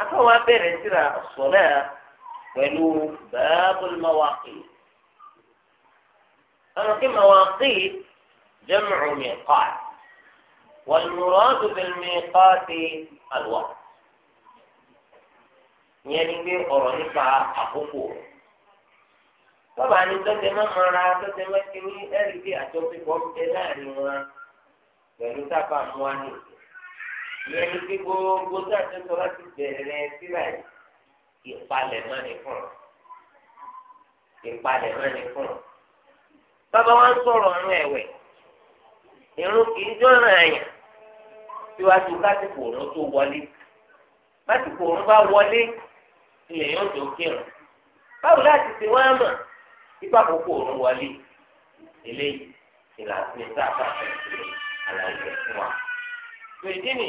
akọ́wọ́ abẹ́rẹ́ síra ọ̀sọ́lá pẹ̀lú báábùl mawáqì. ọ̀nà kí mawáqì jam'u miqat wal muradu bil miqati al waqt. ìyẹn ni pé ọ̀rọ̀ nípa àkókò ni tọ́tẹ mọ́mọ́ra tọ́tẹ mọ́kiri ẹ̀rí pé àjọṣepọ̀ láàrin wọn pẹ̀lú sábà mú wa nì ìyẹn ni pé gbogbo sàtúntò láti bẹ̀rẹ̀ síra ìpalẹ̀ náà ní fún ìpalẹ̀ fún bàbá wa ń sọ̀rọ̀ ọ̀run ẹ̀wẹ̀ irun kì í jọ̀ràn àyàn lásìkò òun tó wọlé ilẹ̀ yóò tó kírun báwo láti ṣe wá mọ̀ ipa kókó òun wọlé eléyìí ìlànà ìtàkà àlàyé fún wa tó ìdí nì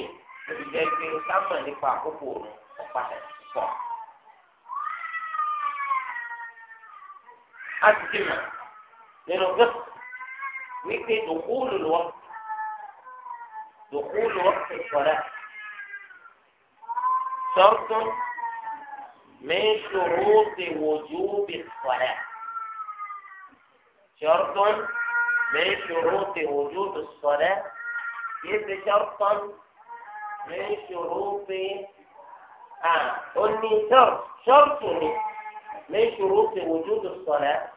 òṣìṣẹ́ pé sámà nípa àkókò òun pàtàkì pọ̀ a ti dì mà nínú gbẹ́sì wípé dòkúlù lọ́wọ́ dòkúlù lọ́wọ́ ti sọ̀rọ̀ sọ́tún. من شروط وجوب الصلاة شرط من شروط وجوب الصلاة كيف إيه شرطا من شروط آه قلني شرط شرط إيه؟ من شروط وجود الصلاة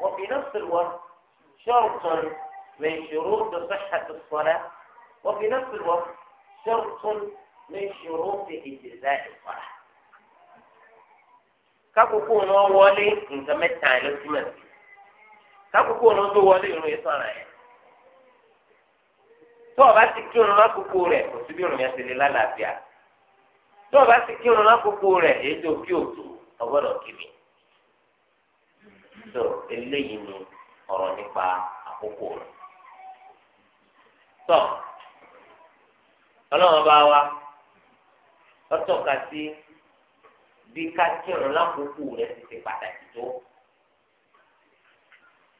وفي نفس الوقت شرط من شروط صحة الصلاة وفي نفس الوقت شرط من شروط إجزاء الصلاة kákòókò wọn wọlé nǹkan mẹ́ta ló ti mọ̀ sí wọn tó wọlé irun yẹn sọ̀rọ̀ yẹn tó o bá ti kírun kò síbi irun yẹn lálàáfíà tó o bá ti kí òtù ọgbọ́dọ̀ kí mi tó eléyìí ni nípa àkókò tó bí ká kírun lákòókò rẹ̀ ti ṣe pàtàkì tó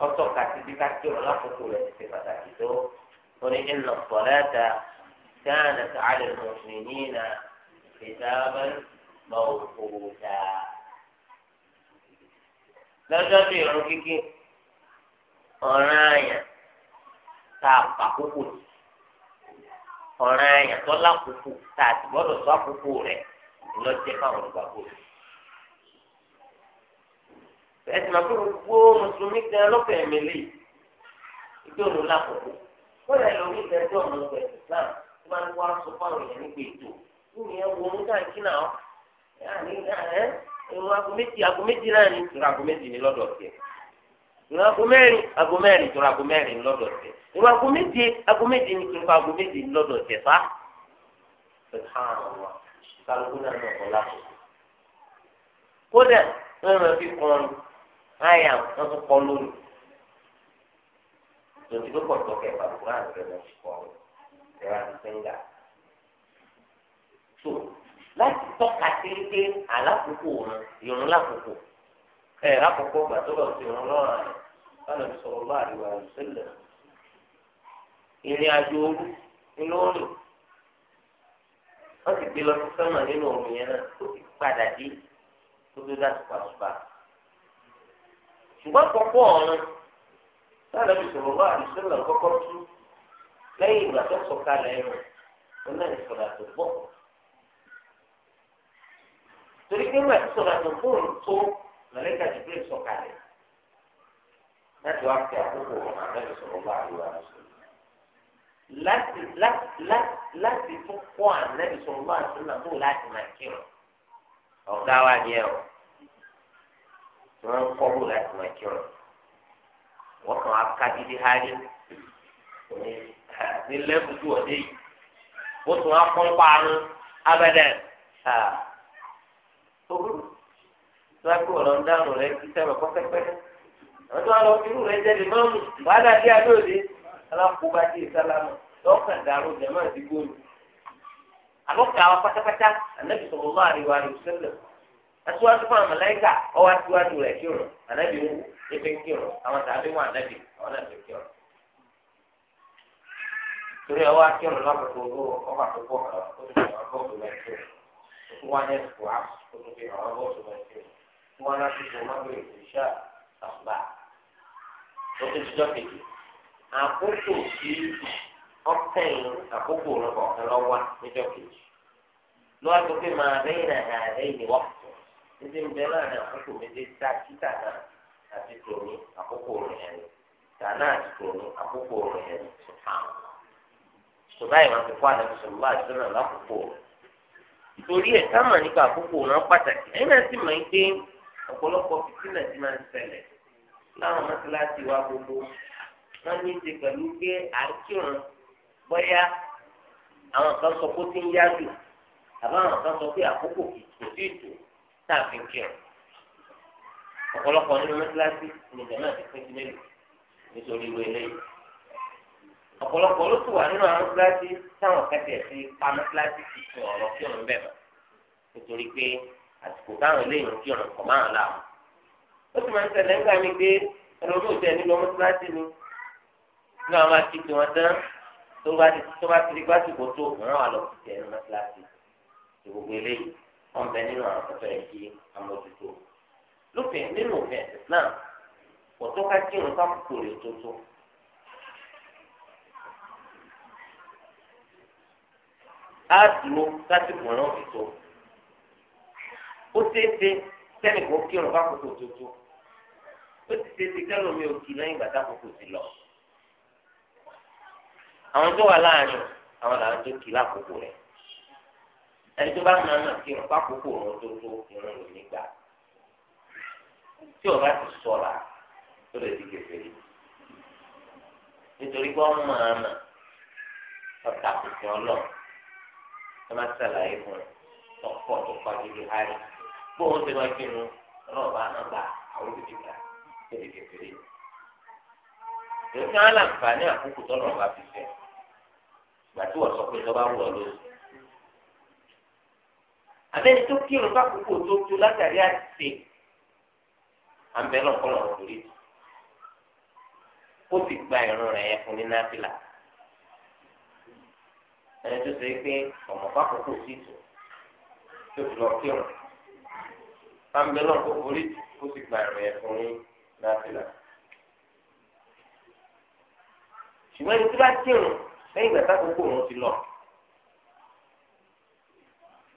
ọtọka ti bí ká kírun lákòókò rẹ̀ ti ṣe pàtàkì tó oní ìlànà sọlẹ́ta káàna sàálẹ̀ mọ̀mìnínà ìdáàbà mọ̀ọ́kúta. lọ́jọ́ bí irun kíkí ọ̀ràn àyàn tá a pàkókò ní ọ̀ràn àyàn tó lákòókò tá a ti gbọ́dọ̀ sọ àkókò rẹ̀ lọ́jẹ́ fáwọn olùgbàgbọ́ rẹ̀ ẹsìn máa fún gbogbo mùsùlùmí gan lọ́fẹ̀ẹ́ mi lè ìgbé òun lákòókò wọ́n lè lórí ìtẹ́jọ́ ọ̀nà ọ̀gbẹ̀ islam tó máa ń wá sọ fáwọn èèyàn nígbà ètò nínú ẹ̀ wo ní káàkiri náà yáàní ẹ̀ ìrun aago méjì aago méjì náà ni ìrun aago méjì ni lọ́dọ̀ tiẹ̀ ìrun aago mẹ́rin aago mẹ́rin ìrun aago mẹ́rin ni lọ́dọ̀ tiẹ̀ ìrun aago méje aago méje ni ìrun aago méje ni lọ́dọ̀ tiẹ̀ fa kódà wọ́n fi kọ́ ọ́nù àyà wọn tún kọ lónìí tòtí ló pọ̀ tó kẹfà fún àgbẹ̀ lọ kọ ìrora sẹ́ńgà tó láti tọ́ka sí pé àlákòókò òun ìrún lákòókò ẹ̀ lákòókò gbà tó lọ sí ìrún lọ́rùn rẹ̀ wọn lè sọ̀rọ̀ bá àdìwà ìṣẹ̀lẹ̀ ìrìn àjò òru nínú òrùn wọ́n sì gbé lọ sí sọ́mà nínú òrùn yẹn náà padà dé tó tó dá tùpàtùpà ṣùgbọ́n kọ́kọ́ ọ̀run sáà lẹ́bi sọ̀rọ̀ wá àdìsílẹ̀ kọ́kọ́ tú lẹ́yìn ìgbà tó sọ kalẹ̀ rẹ̀ ó náà ní sọ̀rọ̀ àti bọ̀. torí pé ńgbà tí sọ̀rọ̀ àti bọ̀ ń tó mẹ̀lẹ́kà ti gbé sọ kalẹ̀ láti wá fi àkókò ọ̀nà lẹ́bi sọ̀rọ̀ wá àdìwà láti láti tún kọ́ ànábìsọ̀rọ̀ wá láti máa kírun ọ̀gá wa ni ẹ̀ ọ̀ tí wọ́n ń kọ́bù láti máa kírun wọ́n kàn á kájídé hárí ní lẹ́bùtú ọ̀dẹ́ yìí ó tún á kọ́ ń parun abẹ́dẹ́ tóbúrú tí wọ́n á kó ọ̀rọ̀ ń dáhùn rẹ kí sẹ́wọ̀n kọ́ pẹ́pẹ́ àwọn tí wọ́n lọ fi irú rẹ jẹ́ lè mọ́mù wàhálà bí abẹ́òde alákóbá dé ìsálámù lọ́kàn dàrú jẹ̀mọ́ àdìgbò ni àlọ́kà àwọn pátápátá ànábì sọ̀rọ̀ máa rí wa rí aṣíwájú fún àmàlẹ́kà ọwọ́ aṣíwájú rẹ̀ kírun ànábì wù ẹgbẹ́ kírun àwọn tàbí wọn ànábì àwọn ànábì kírun. torí ọwọ́ akírun lọ́kọ̀tọ̀ owó ọkọ̀ àkókò kan ó ti fi ọ̀rọ̀ bọ́ọ̀lù rẹ̀ kírun ó tún wá ní ẹ̀sùn wá ó tún fi ọ̀rọ̀ bọ́ọ̀lù rẹ̀ kírun fún wọn láti fi ọmọdé ìṣá àgbà ó tún ti jọ kejì àkókò tí ọ̀kẹ́yìn àkókò rẹ̀ kọ̀ọ̀kan lọ́wọ́ níjọ́ kejì lọ́wọ́ tó fi máa bẹ́yìn àhàrẹ́ ìwọ́pọ̀ níbi ń bẹ láàrin àkókò méjèèjì tá títà náà àti tòní àkókò rẹ̀ ni tà náà àti tòní àkókò rẹ̀ yẹn sùpàmù. sùpàmù yìí wọn ti kó àlẹ́ sọ̀rọ̀ bá àti sọ̀rọ̀ lákòókò rẹ̀. torí ẹ̀ ká mà nípa àkókò náà pàtàkì ẹ̀yin náà sì máa ń gbé ọ̀pọ̀lọpọ̀ fìtínà tí máa ń ṣẹlẹ̀ láwọn mọ́tíláṣí wa gbogbo wọ́n ní í ṣe pẹ̀lú pé àkírun bọ́yá àwọn kan sọ pé ó ti ń yá jù àbáwọn kan sọ pé àkókò kò tí ì tó tá a fi ń kí ọ ọ̀pọ̀lọpọ̀ nínú mẹ́tíláṣí ní ìjọba ti pín sí mélòó nítorí ìwé eléyìí ọ̀pọ̀lọpọ̀ ló ti wà nínú àwọn mẹ́tíláṣí táwọn kẹsẹ̀ sí pa mẹ́tíláṣí ti fi ọ̀rọ̀ kí ọ̀run bẹ̀ mọ́ nítorí pé àsìkò táwọn eléyìí ń kí ọ̀run kọ̀ máa là ó ó sì máa ń tẹ̀lé ńgbà mi pé ẹlòmíì ò tẹ̀ nínú mẹ́tíláṣí ni wọn bẹ nínú àwọn akọtọ yẹn kí amójútó lópin nínú òfin náà ọtọ ká kí wọn kápò rẹ tótó á dúró lásìkò náà fi tó ó ṣeéṣe sẹ́nìkan kí wọn kápò tótó ó ti ṣeéṣe kẹ́lọ́ mi ò kì lẹ́yìn gbàtà kókò sí lọ àwọn tó wà láàrin àwọn làwọn tó kì lákòókò rẹ̀ ẹni tó bá nà nà kí n fa kókó òun tó tó ìrún lò nígbà tí o bá ti sọ̀ra tó lè di kèfèrí nítorí pé ọmọ àmà ọ̀tà kòkòrò ọlọ́ ẹ má ṣàlàyé fún ọ̀pọ̀ tó pàdé lè hárí bó o ti máa kínú ọlọ́run bá nà gbà àwọn olùdíjà tó lè kèfèrí èyí kan á làǹfààní àkókò tọ́lọ̀ bá fi fẹ́ ìgbà wọ́n sọ pé tọ́ wù ọ lóṣù abẹ́ni tó kírun fákòókò tó tó látàrí àtìsè à ń bẹ lọ́kọ́lọ́ lórí ó sì gba ìrun rẹ̀ yẹn fún ní náfìlà ẹni tó ṣe pé ọmọ fákòókò sí tù tó fi lọ kírun à ń bẹ lọ́kọ́ lórí ó sì gba ìrun yẹn fún ní náfìlà ṣùgbọ́n ẹni tó bá kírun lẹ́yìn ìgbà tákòókò òun ti lọ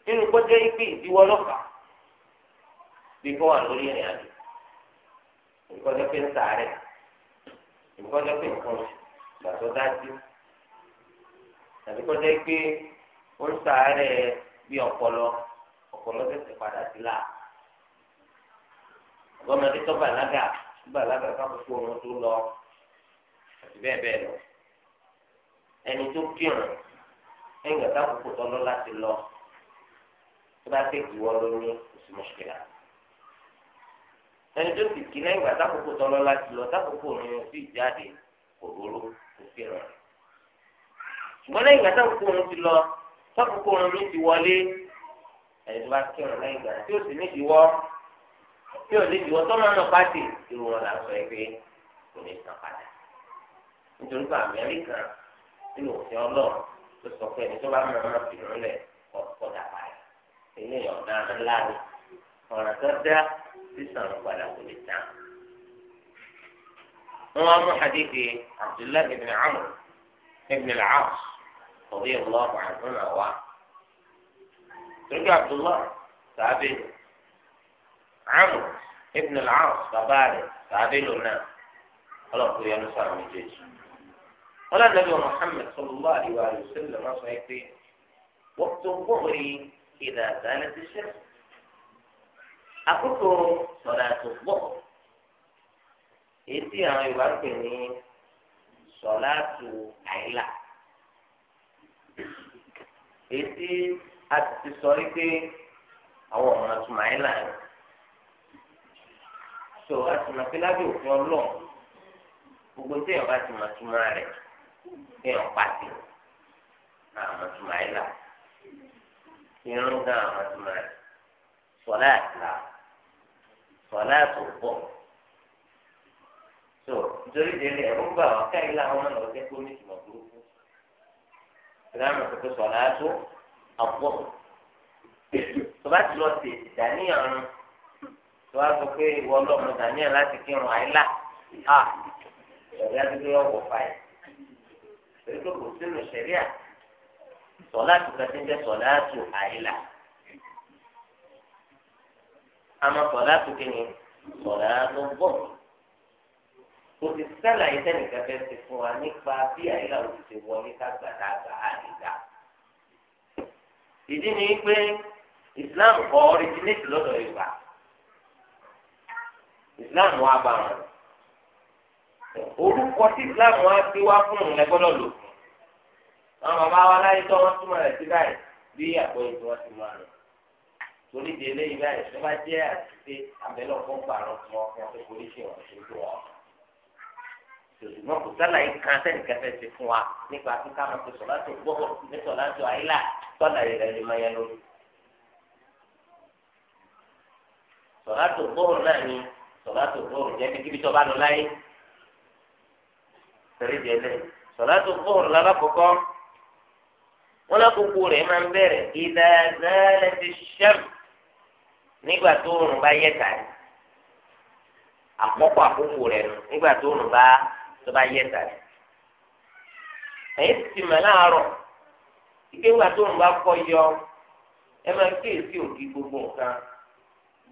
nínú kọjá ipe ìdíwọ́ lọ́fàá bí kọ́ wà lórí ìrìn àjò ìkọjọ́ pé ń sàárẹ̀ ìkọjọ́ pé nǹkan gbàtọ́ dájú tàbí kọjá pé ó ń sàárẹ̀ bí ọpọlọ ọpọlọ tẹsẹ̀ padà sí là ọgọ́mọdé tó bàlágà bàlágà káfíńkù ọmọ tó lọ àti bẹ́ẹ̀ bẹ́ẹ̀ lọ ẹni tó kírun ẹ̀yìn gbàtà kókó tọ́lọ́ láti lọ tó bá tẹ̀ ìwọ lórí oṣù mọ̀ṣẹ́lá. ẹni tó sì kí lẹ́yìn ìgbà tákòókò tọ́lọ́ láti lọ tákòókò òun sì jáde kòkòrò kò sí rẹ̀. ṣùgbọ́n lẹ́yìn ìgbà tákòókò òun ti lọ tákòókò òun ló ti wọlé ẹni tó bá kírun lẹ́yìn ìgbà tí ó sì ní ìwọ tí ò ní ìwọ tó máa ń lọ pàtì irú wọn là ń sọ ẹgbẹ́ kò ní san padà nítorí pé Amẹ́ríkà nínú òfin ọlọ́ọ̀ tó sọ pé ẹni tó bá mọ̀ ọ́n fi rún lẹ̀ kọ́ kọ́ dàpá ilé ọ̀daràn ńlá ni ọ̀ràn tó dá sísan padà kò lè tán. wọ́n á mú hadithi abdullahi ibn amr ibn al-aas ọ̀dọ́ ìlú ọ̀pọ̀ àdúrà náà wá. torí abdullahi sàbẹ̀ amr ibn al-aas bàbá rẹ̀ sàbẹ̀ lónà ọlọ́kùnrin ẹnu sọ̀rọ̀ méjèèjì. wọ́n lọ́nà bí muhammed sallallahu alayhi wa sallam wọ́n sọ pé wọ́n tó ń gbọ́ إذا كانت الشمس أقول صلاة الظهر ètí àwọn yorùbá ń pè ní sọláàtù àìlà ètí a ti sọ wípé àwọn ọ̀nà àtùmọ̀ àìlà rẹ̀ tó àtùmọ̀ pé lábẹ́ òfin ọlọ́ọ̀ gbogbo tí èèyàn bá ti irun gan àwọn tó máa rẹ̀ sọlá àtìlá sọlá àtòpọ̀ tó nítorí délé ẹ̀rú gbà wá káyìí làwọn náà lọ́ọ́ dẹ́kun ní ìmọ̀ burúkú ìdáhùn tó tó sọlá àtò àpọ̀ tó bá ti lọ sí ìdáníyàn rún tó wá sọ pé ìwọ ọlọ́run ìdáníyàn láti kírun àìlá a ah, ìyàgbé àdúgbò yọ̀ wọ̀ fáyì pẹ̀lú kò sínú sẹ̀ríà sọláàtù kan ti ń jẹ́ sọláàtù àìlà àmọ́ sọláàtù kìíní sọláàtù bọ̀ kò sì sálàyé sẹ́nìkan fẹ́ ti fún wa nípa bí àìlà ò ti wọlé kágbàdàgbà àìlà ìdí ni pé Islam kọ́ ọ́ríjìnẹ́tì lọ́dọ̀ Yorùbá Islam wa bá orúkọ tí Islam wa ti wá fún un lẹ́gbọ́dọ̀ lò àwọn bàbá wa láyé tó wọ́n túmọ̀ rẹ̀ sí báyìí bí àpòyè tí wọ́n ti mú àná torí di eléyìí báyìí tó bá jẹ́ àtúnṣe àbẹ̀lẹ̀ ọ̀fọ́n pààrọ̀ tí wọ́n fún ọkọ̀ oríṣi wọn tó tó wọn. ṣùgbọ́n kò sálà yìí kan sẹ́nìkẹ́fẹ́ ti fún wa nípa tí ká máa fi sọ̀rọ̀ láti gbọ́bọ̀ ní sọ̀rọ̀ láti àyílà sọ̀nà rẹ̀ lè máa yẹn lórí. sọ̀rọ̀ láti gbọ́rọ̀ náà ni sọ̀rọ̀ láti gbọ́rọ̀ jẹ́ bí kíbi tó bá lọ láyé. torí di eléyìí wọn lákòókò rẹ̀ máa ń bẹ̀rẹ̀ ìdá zálẹ̀ ti ṣẹ́m nígbà tó oòrùn bá yẹ tàrí àkọ́kọ́ àkókò rẹ̀ nù nígbà tó oòrùn bá tó bá yẹ tàrí ẹ̀yìn ti ti mọ̀ láàárọ̀ ike ńgbà tó oòrùn bá kọ́ yọ ẹ máa kíyèsí òkè gbogbo nǹkan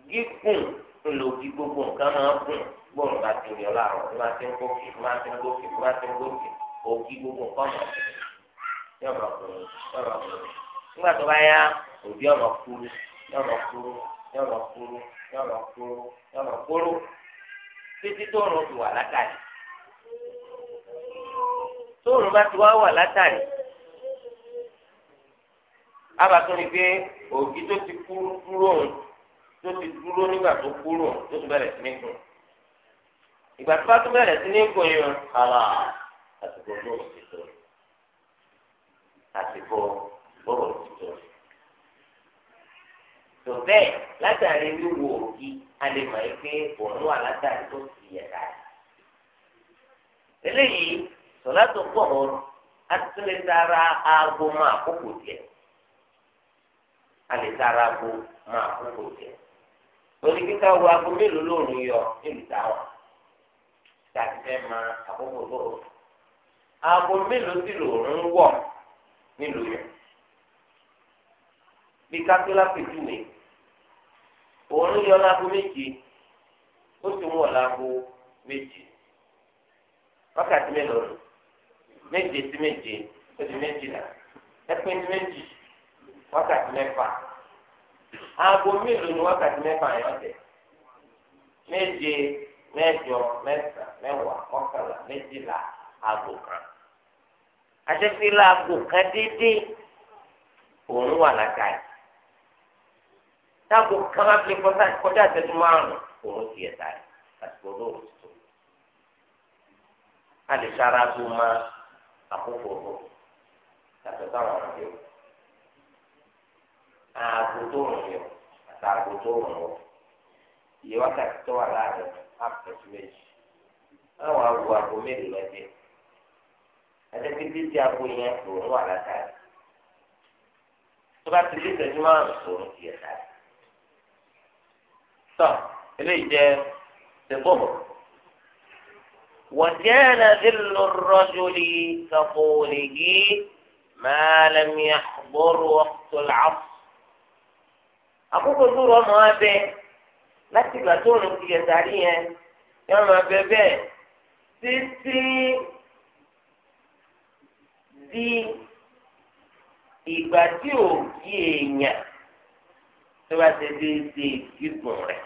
gígùn ńlòkì gbogbo nǹkan máa gùn gbọ́dọ̀ bá ti yọ láàárọ̀ bí ti ń gòkè bí ti ń gòkè bí ti ń gòkè òkè gbogbo nǹkan máa gùn yọ̀rọ̀ kúrú yọ̀rọ̀ kúrú nígbà tó bá yá òbí ọ̀rọ̀ kúrú yọ̀rọ̀ kúrú yọ̀rọ̀ kúrú yọ̀rọ̀ kúrú yọ̀rọ̀ kúrú títí tóorùn fi wà látàrí tóorùn bá ti wá wà látàrí abatoni pé òbí tó ti kúrú kúrò tó ti dúró nígbà tó kúrò tó ti bẹ̀rẹ̀ sí ní gùn ìgbà tó bá tó bẹ̀rẹ̀ sí ní gùn yìí kàlà àsìkò tó ti tó. àsìkò bọ́ọ̀lù tuntun. tó bẹ́ẹ̀ látàrí wíwo òkì a lè pé òun wà látàrí tó sì yẹ káàdì. eléyìí sọlá tó pọ̀ ọ́ a aago máa kókò jẹ a aago máa kókò jẹ torí kíkà wo aago mélòó lóòrùn yọ nílùú da láti fẹ́ máa àkókò lóòrùn aago mélòó sì wọ̀. nílùú yẹn bí kápẹ́lá pẹ̀tù mi òun yọ láago méje ó sì wọ̀ láago méje wákàtí mélòó méje sí méje ó di méjìlá ẹpẹ́ ní méjì wákàtí mẹ́fà aago mélòó ni wákàtí mẹ́fà yẹn ọ̀tẹ̀ méje mẹ́jọ mẹ́sàn mẹ́wàá mọ́kànlá méjìlá aago kan. àtẹ́fẹ́ láago kan déédéé òun wà lága yìí táàbù kan bá fi kọjá ìṣẹ́jú márùn-ún òun ti ẹ̀ dá yìí àtìkò lóòrùn tó a lè sára tó máa àkókò rò yàtọ̀ táwọn ọ̀rọ̀ yìí aago tó rùn yọ àti aago tó rùn wọ iye wákàtí tó wà láàrin áàpù méjì àwọn aago aago mélòó lọ́dẹ̀ẹ́ adékèké tí a kó yẹn òun wà látàrí tó bá ti lé ìtẹ́jú márùn òun ti yẹ dáa tọ́ eléyìí jẹ́ sẹ́kọ̀ọ́ وكان ذل الرجل كقوله ما لم يحضر وقت العصر àkókò tó rọ ọmọ abẹ láti gbà tó rùn ti yẹ sàrí yẹn yọọ máa bẹ bẹ́ẹ̀ títí di ìgbà tí òkè èèyàn tó bá ṣe déédéé gígùn rẹ̀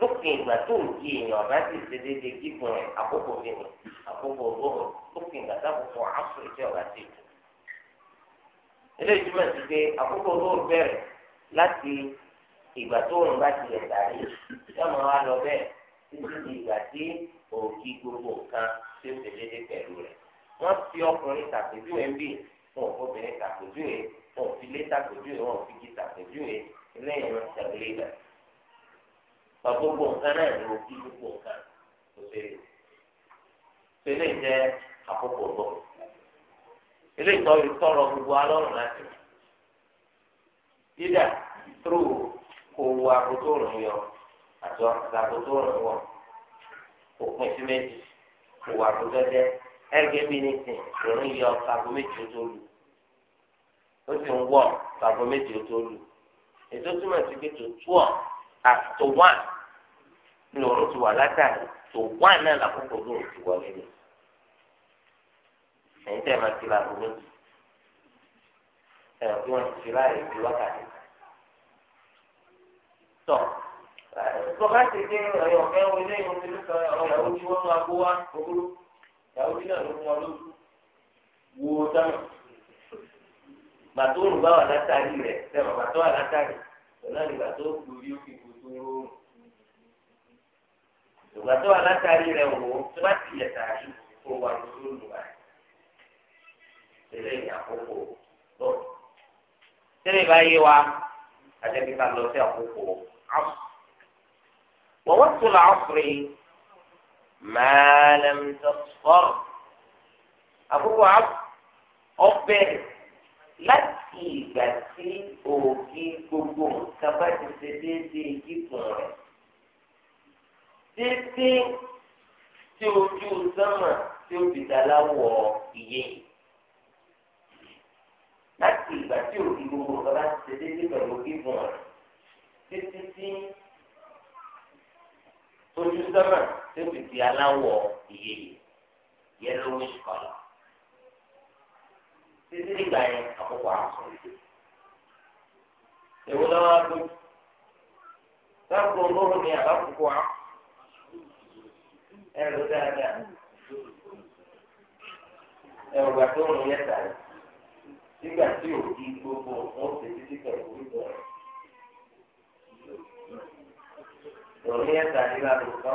lókè ìgbà tó òkè èèyàn ọ̀bá sì ṣe déédéé gígùn rẹ̀ àkókò fìní àkókò òwúrọ̀ lókè ìgbà táàkókò àṣọ ìṣe ọ̀bá sì jù. eléyìí túmọ̀ sí pé àkókò òwúrọ̀ bẹ̀rẹ̀ láti ìgbà tó òun bá ti dàrí yọ̀mọ̀ wa lọ bẹ́ẹ̀ títí di ìgbà tí òkè gbogbo nǹkan tí ó ṣe déédéé pẹ̀lú rẹ̀ wọ́n ti ọkùnrin tàpéjúwe ń bì wọn ò fọbìnrin tàpéjúwe wọn ò fi tàpéjúwe wọn ò fi tàpéjúwe lẹ́yìn wọn tẹ̀lé ibà. wọ́n gbogbo nǹkan náà ló kí gbogbo nǹkan tó ṣe lè. ṣe lè jẹ́ àkókò bọ̀. ilé ìtọ́jú tọrọ gbogbo alọ́run láti. dídà tó kò wo akoto òrùn yọ àti akoto òrùn wọ̀ òpin sí kò wo akoto ẹ̀dẹ́ ẹgẹ bí ní sìn òun yọ sago méjì ó tó lù ó sì ń wọ sago méjì ó tó lù ètò túmọ̀ sí pé tó tú ọ̀ àtò wán ní òun ti wà látàrí tó wán náà lákòókò lóun ti wọlé ni ẹ̀yin tẹ̀ máa ti láago méjì ẹ̀rọ bí wọ́n ti láàyè bí wákàtí tọ̀ tọ́ bá ti dé ọ̀yọ̀ ọ̀fẹ́ wọlé ìwọ̀n ti lùkọ́ ọ̀yọ̀ ojú wọn máa gbó wá gbogbo ìyàwó bí náà ló mú ọ lójú wo dáná bàtó òrùn bá wà látàrí rẹ sẹ́wọ̀n bàtó wà látàrí ọ̀nà ni bàtó gbòòrí òkè kò tó rọrùn ìgbà tó wà látàrí rẹ wò ó tó bá tilẹ̀ tààrí kó wà lójú lùwà tẹ́lẹ̀ ní àkókò tó tẹ́lẹ̀ bá yé wa àjẹbí àkókò àwọn wọ́n tún lọ àwọn ما لم تصفر أبو عبد أبر láti ìgbà tí òògì gbogbo nǹkan bá ti ṣe déédéé kíkùn rẹ̀ déédéé tí ojú sánmà tí ó fi dáláwọ̀ iye láti ìgbà tí òògì gbogbo nǹkan bá ti ṣe déédéé pẹ̀lú kíkùn rẹ̀ títí tí ojú sánmà tó fi di aláwọ̀ ìyeyè yellowish colour títí nígbà yẹn àkókò àkókò èwo lọ́wọ́ tó sáàpù olóhùn ni àbákòókò á ẹ lọ dáadáa ẹ ò gbà tó ń lọ yẹta rẹ nígbà tí ò di gbogbo wọn ṣe títí pẹ̀lú ìgbà rẹ lọ yẹta nígbà tó ń lọ.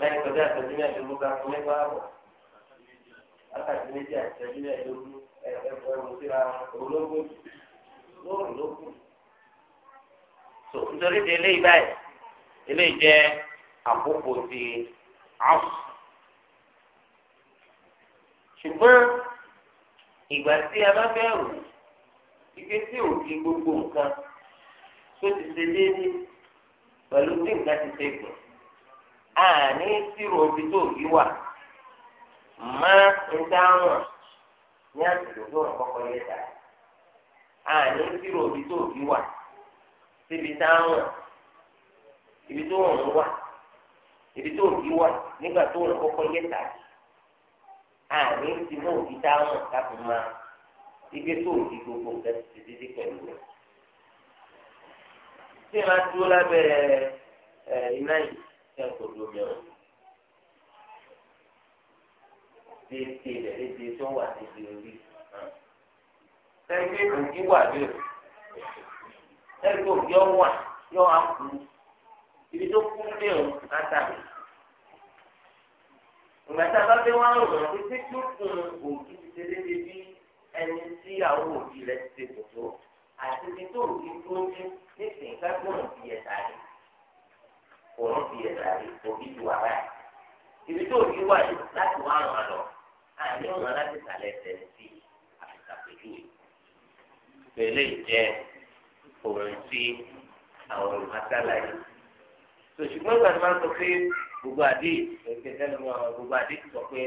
lẹ́yìn kọjá ìtọ́jú ní ẹ̀dógún ká fún mẹ́fà àbọ̀ látàkì méjì àtẹ̀jú ní ẹ̀dógún ẹ̀fọ́ ẹ̀mú síra ológun lóòrùn lókun. tó nítorí ti eléyìí báyìí eléyìí jẹ́ àkókò ti àfù. ṣùgbọ́n ìgbà tí a bá bẹ̀rù ike tí ò di gbogbo nǹkan tó ti ṣe déédéé pẹ̀lú bí nǹkan ti ṣe gbọ̀n. A sírò ibi tó yí wà má ń ní àsìkò tó ràn kọ́kọ́ yẹ dà àní sírò ibi tó yí wà síbi dáhùn ibi tó ràn wà ibi tó yí wà nígbà tó ràn kọ́kọ́ yẹ dà àní ti mú dáhùn ibi tó yí gbogbo a jẹ o déédéé rẹ déédéé tó wà déédéé orí sẹ́gbẹ́ òkè wà ní o sẹ́gbẹ́ òkè wà yọ àkú ibi tó kú dé o látàrí ìgbà tí a bá fẹ́ wá rò lọ pé tí tó kun òkè ti ṣe déédéé bí ẹni tí àwọn òbí rẹ ti ṣe kòtò àti ibi tó òkè tó ń dín nísìnyí ká gbọ́n òbí ẹ̀ òun fi ẹ̀dá rẹ̀ òbí ju wà báyìí. ibi tó òbí wà yìí láti wá àwọn àlọ́ àní ọ̀nà láti sàlẹ̀ ẹsẹ̀ sí àfìsàpèjúwe. pẹ̀lẹ́ jẹ́ òun sí àwọn olùmọ̀sálà yìí. sòṣùgbọ́n ìgbà tó máa ń sọ pé gbogbo àdé ẹ̀kẹ́ sẹ́nu gbogbo àdé ti sọ pé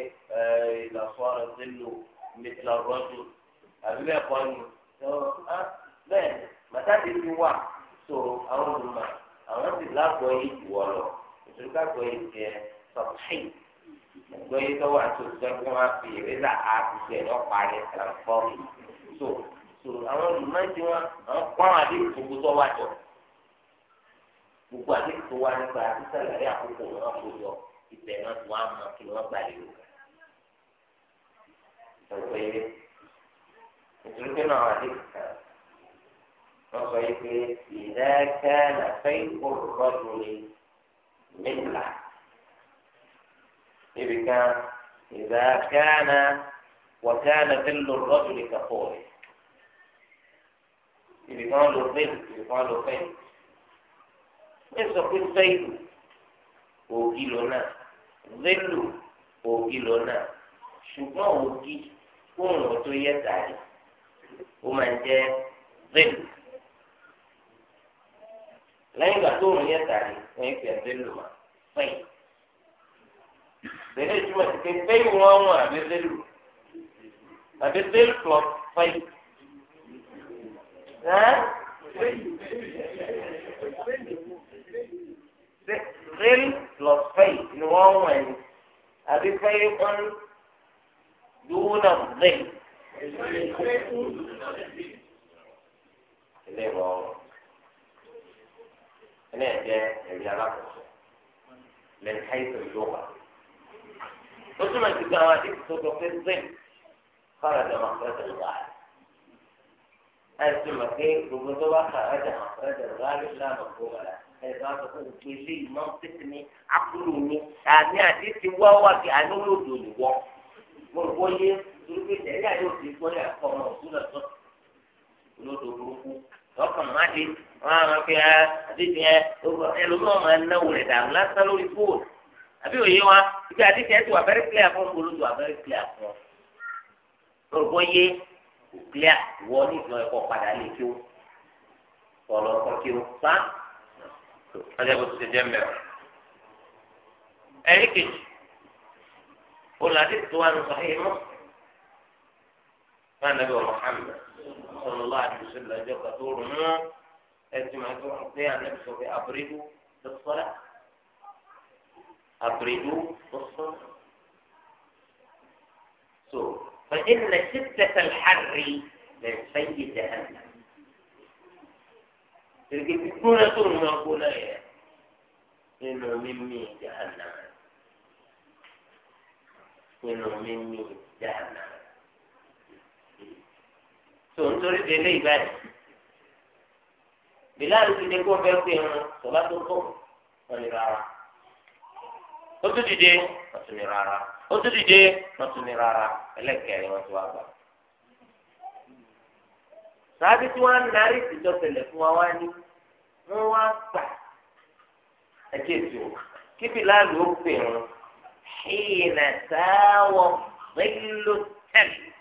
ìlọ̀fọ́ ọ̀rọ̀ ti lò àbí bẹ́ẹ̀ kọ́ ni. Ah, bẹ́ẹ̀ bàtà ti fi wà so àwọn olùmọ̀ àwọn sì lágbọ́ yìí jù ọ lọ nítorí kágbọ́ yìí jẹ sọ̀tì ẹgbẹ́ yìí tọ́wọ́ àti òṣìṣẹ́ kí wọ́n fi ìrẹ́sà àtúnṣe lọ parí transform so so àwọn olùmọ̀ọ́sí wọn àwọn kọ́ àwọn àdéhùn tó gbósọ́ wájọ gbogbo àdéhùn tó wá nípa àtúnṣàlẹ̀ àrí àkókò wọn kò yọ ibẹ̀ náà tó wá mọ kí wọ́n gbà lérò ẹgbẹ́ yìí nítorí pé náà àdéhùn kan sọ yìí pé ìdáká nàfẹ́ ìkórùkọ́dù ni mílà níbi kan ìdáká na wọ́tá nàfẹ́ lòrùkọ́dù ni kàkọ́ rẹ̀ níbi kan lò fẹ́ níbi kan lò fẹ́ ní sọ pé fẹ́ẹ̀lù òògì lò náà vẹ́lù òògì lò náà ṣùgbọ́n òògì kóòrùn tó yẹ tààrí ó máa ń jẹ́ vẹ́lù lẹ́yìn ìgbà tó òun yẹ tàrí ẹ̀yìn fi ẹ̀dẹ́ lò wá fẹ́yìn. Bẹ̀rẹ̀ ìtumọ̀ sí pé fẹ́yìn wọn wọn àbẹ́fẹ́ lò àbẹ́fẹ́ lọ fẹ́yìn. Fẹ́yìn lọ fẹ́yìn ni wọ́n wọ̀ ẹ̀yìn àbí fẹ́yìn kan dúró náà fẹ́yìn eléyà jẹ ẹ̀rí alákòóso lẹ́yìn káyìsọ ìlúwà ó túmọ̀ sí pé àwọn àdéhùn tó sọ pé zen fara jẹ màkúrẹ́dẹ̀ lọ́wọ́ àìsí mà pé gbogbo tó bá fara jẹ màkúrẹ́dẹ̀ lọ́wọ́ àìsílá mà kó wà láti ẹ̀ka sọ fún òkú ilé ìmọ̀ títí ní akúlù ní àní àdéhùn wá wá kí àníwòdò lè wọ́ mo rò wọ́n yé torí pé ẹ̀rí àdéhùn ti gbọ́ yà kọ́ ọmọ òkú lọ́sọ̀tún olódò burúkú lọ́kàn má di wọ́n á máa fi ẹ́ àdìsí yẹn ẹlòmíràn máa náwó rẹ̀ dànù lásán lórí fóònù àbí òye wa ibi àdìsí ẹ̀ ti wà very clear fún olú ti wà very clear fún ọ lórúkọ yé kò clear wọ ní ìfún ẹ̀kọ́ padà lè kí ó ọ̀rọ̀ ọ̀kọ̀ kí ó fa ọjọ́ bó ti ṣe jẹ́ mẹ́rin. ẹ̀rí kejì olùdásí tó wà ní sọ́hìn mọ́ fún ànábì Muhammad. صلى الله عليه وسلم جرى طول ما أنتم أعطيها نفسه فأبردوا في الصلاة أبردوا في الصلاة سورة فإن ستة الحر من سيد جهنم تلقي تكون طول ما أقول إيه إنه مني جهنم إنه مني جهنم tó ń torí délé ìbáyìí bíláàlì ti dé kó fẹ́ pé irun tó bá tó kó wọn ni rárá ó tún dìde wọn tún ni rárá ó tún dìde wọn tún ni rárá ẹlẹ́kẹ̀rin wọn tún wá gbà. sáájú tí wọ́n á narí ìtìjọ́ tẹ̀lẹ̀ fún wa wá ní wọ́n wá gbà ẹ̀jẹ̀ tó kí bíláàlì ó pè irun ṣì nà sáwọ́ pẹ̀lú tẹ̀lẹ̀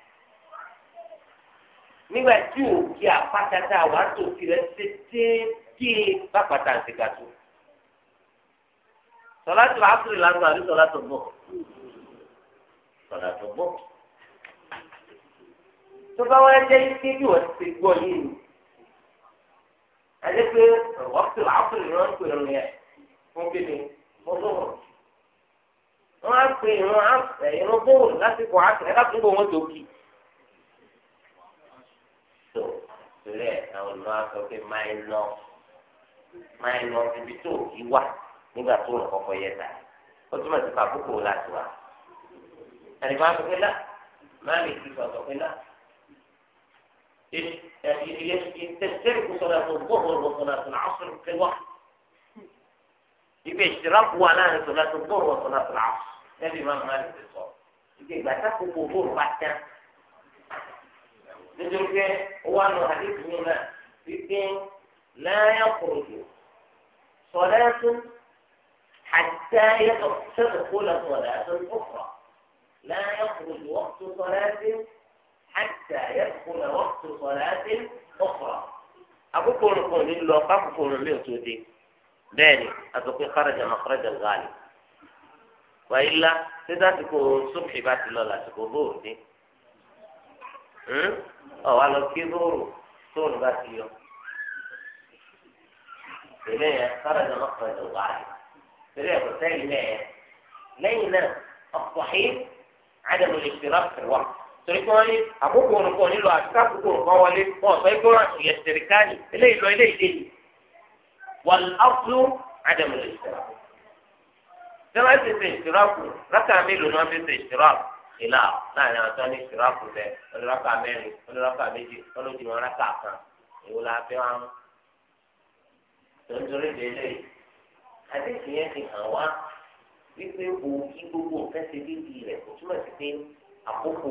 nígbà tí òkè àpátáta wà tó tirẹ̀ tètè kí bàbàtà ń sèkà tó. sọlá tó àfúrè lásán àbí sọlá tó bọ̀ sọlá tó bọ̀. tó bá wáyé jẹ́ ike bí wọ́n ti gbọ́ yìí ni. àyẹ́ pé wọ́n tó àfúrè rán pé rìn ẹ̀ fún kíni fún bọ̀rọ̀. wọ́n á pè ìrún bọ̀rọ̀ lásìkò àtẹ̀ ẹ̀ láti gbọ́ wọn tó kì í. torí ẹ̀ àwọn olùmọ̀ á sọ pé máìnọ máìnọ ibi tó kí wà nígbà tó rọ̀ kọ́kọ́ yẹ ta ó túmọ̀ sí pàkókò láti wà ẹni máa sọ pé lá máa lè fi sọ̀tọ̀ pé lá يستشرك صلاة الظهر وصلاة العصر في وقت يبقى اشتراك ولا صلاة الظهر وصلاة العصر ده الإمام مالك بالظهر يبقى تاخد وضوء بعد nítorí pé ó wà nù hadith mi náà wípé láyà kúròjò sọ̀dáàtún حتى تدخل صلاة أخرى لا يخرج وقت صلاة حتى يدخل وقت صلاة أخرى àkókò orúkọ ní lọ kákòkò orúkọ yóò tó dé bẹ́ẹ̀ ni àtòkè kárajà màkàràjà gáàlì wàyí la títà tìkò sókè bá ti lọ làtìkò bóòdì إيه؟ وعلى الكبر طول ذات اليوم ليه خرج مخرج الوعي ليه بالتالي ليه لينا الصحيح عدم الاشتراك في الوقت تريكوني ابوكو نكوني لو اشتركوا قوالي او سايكورا يشتركاني ليه لو ليه ليه والاصل عدم الاشتراك ده ما يصير اشتراك ركع ميلو ما يصير اشتراك ìlà láàrin àwọn tó ní sìráàpù bẹ olùrọ́kà mẹ́rin olùrọ́kà méjì olùdí wọn rákà kan èwo la fẹ́ wá mú. tòǹtòrí délé àdéhùn yẹn ti hàn wá wípé òògì gbogbo nǹkan ṣe déédéé rẹ̀ kò túmọ̀ sí pé àkókò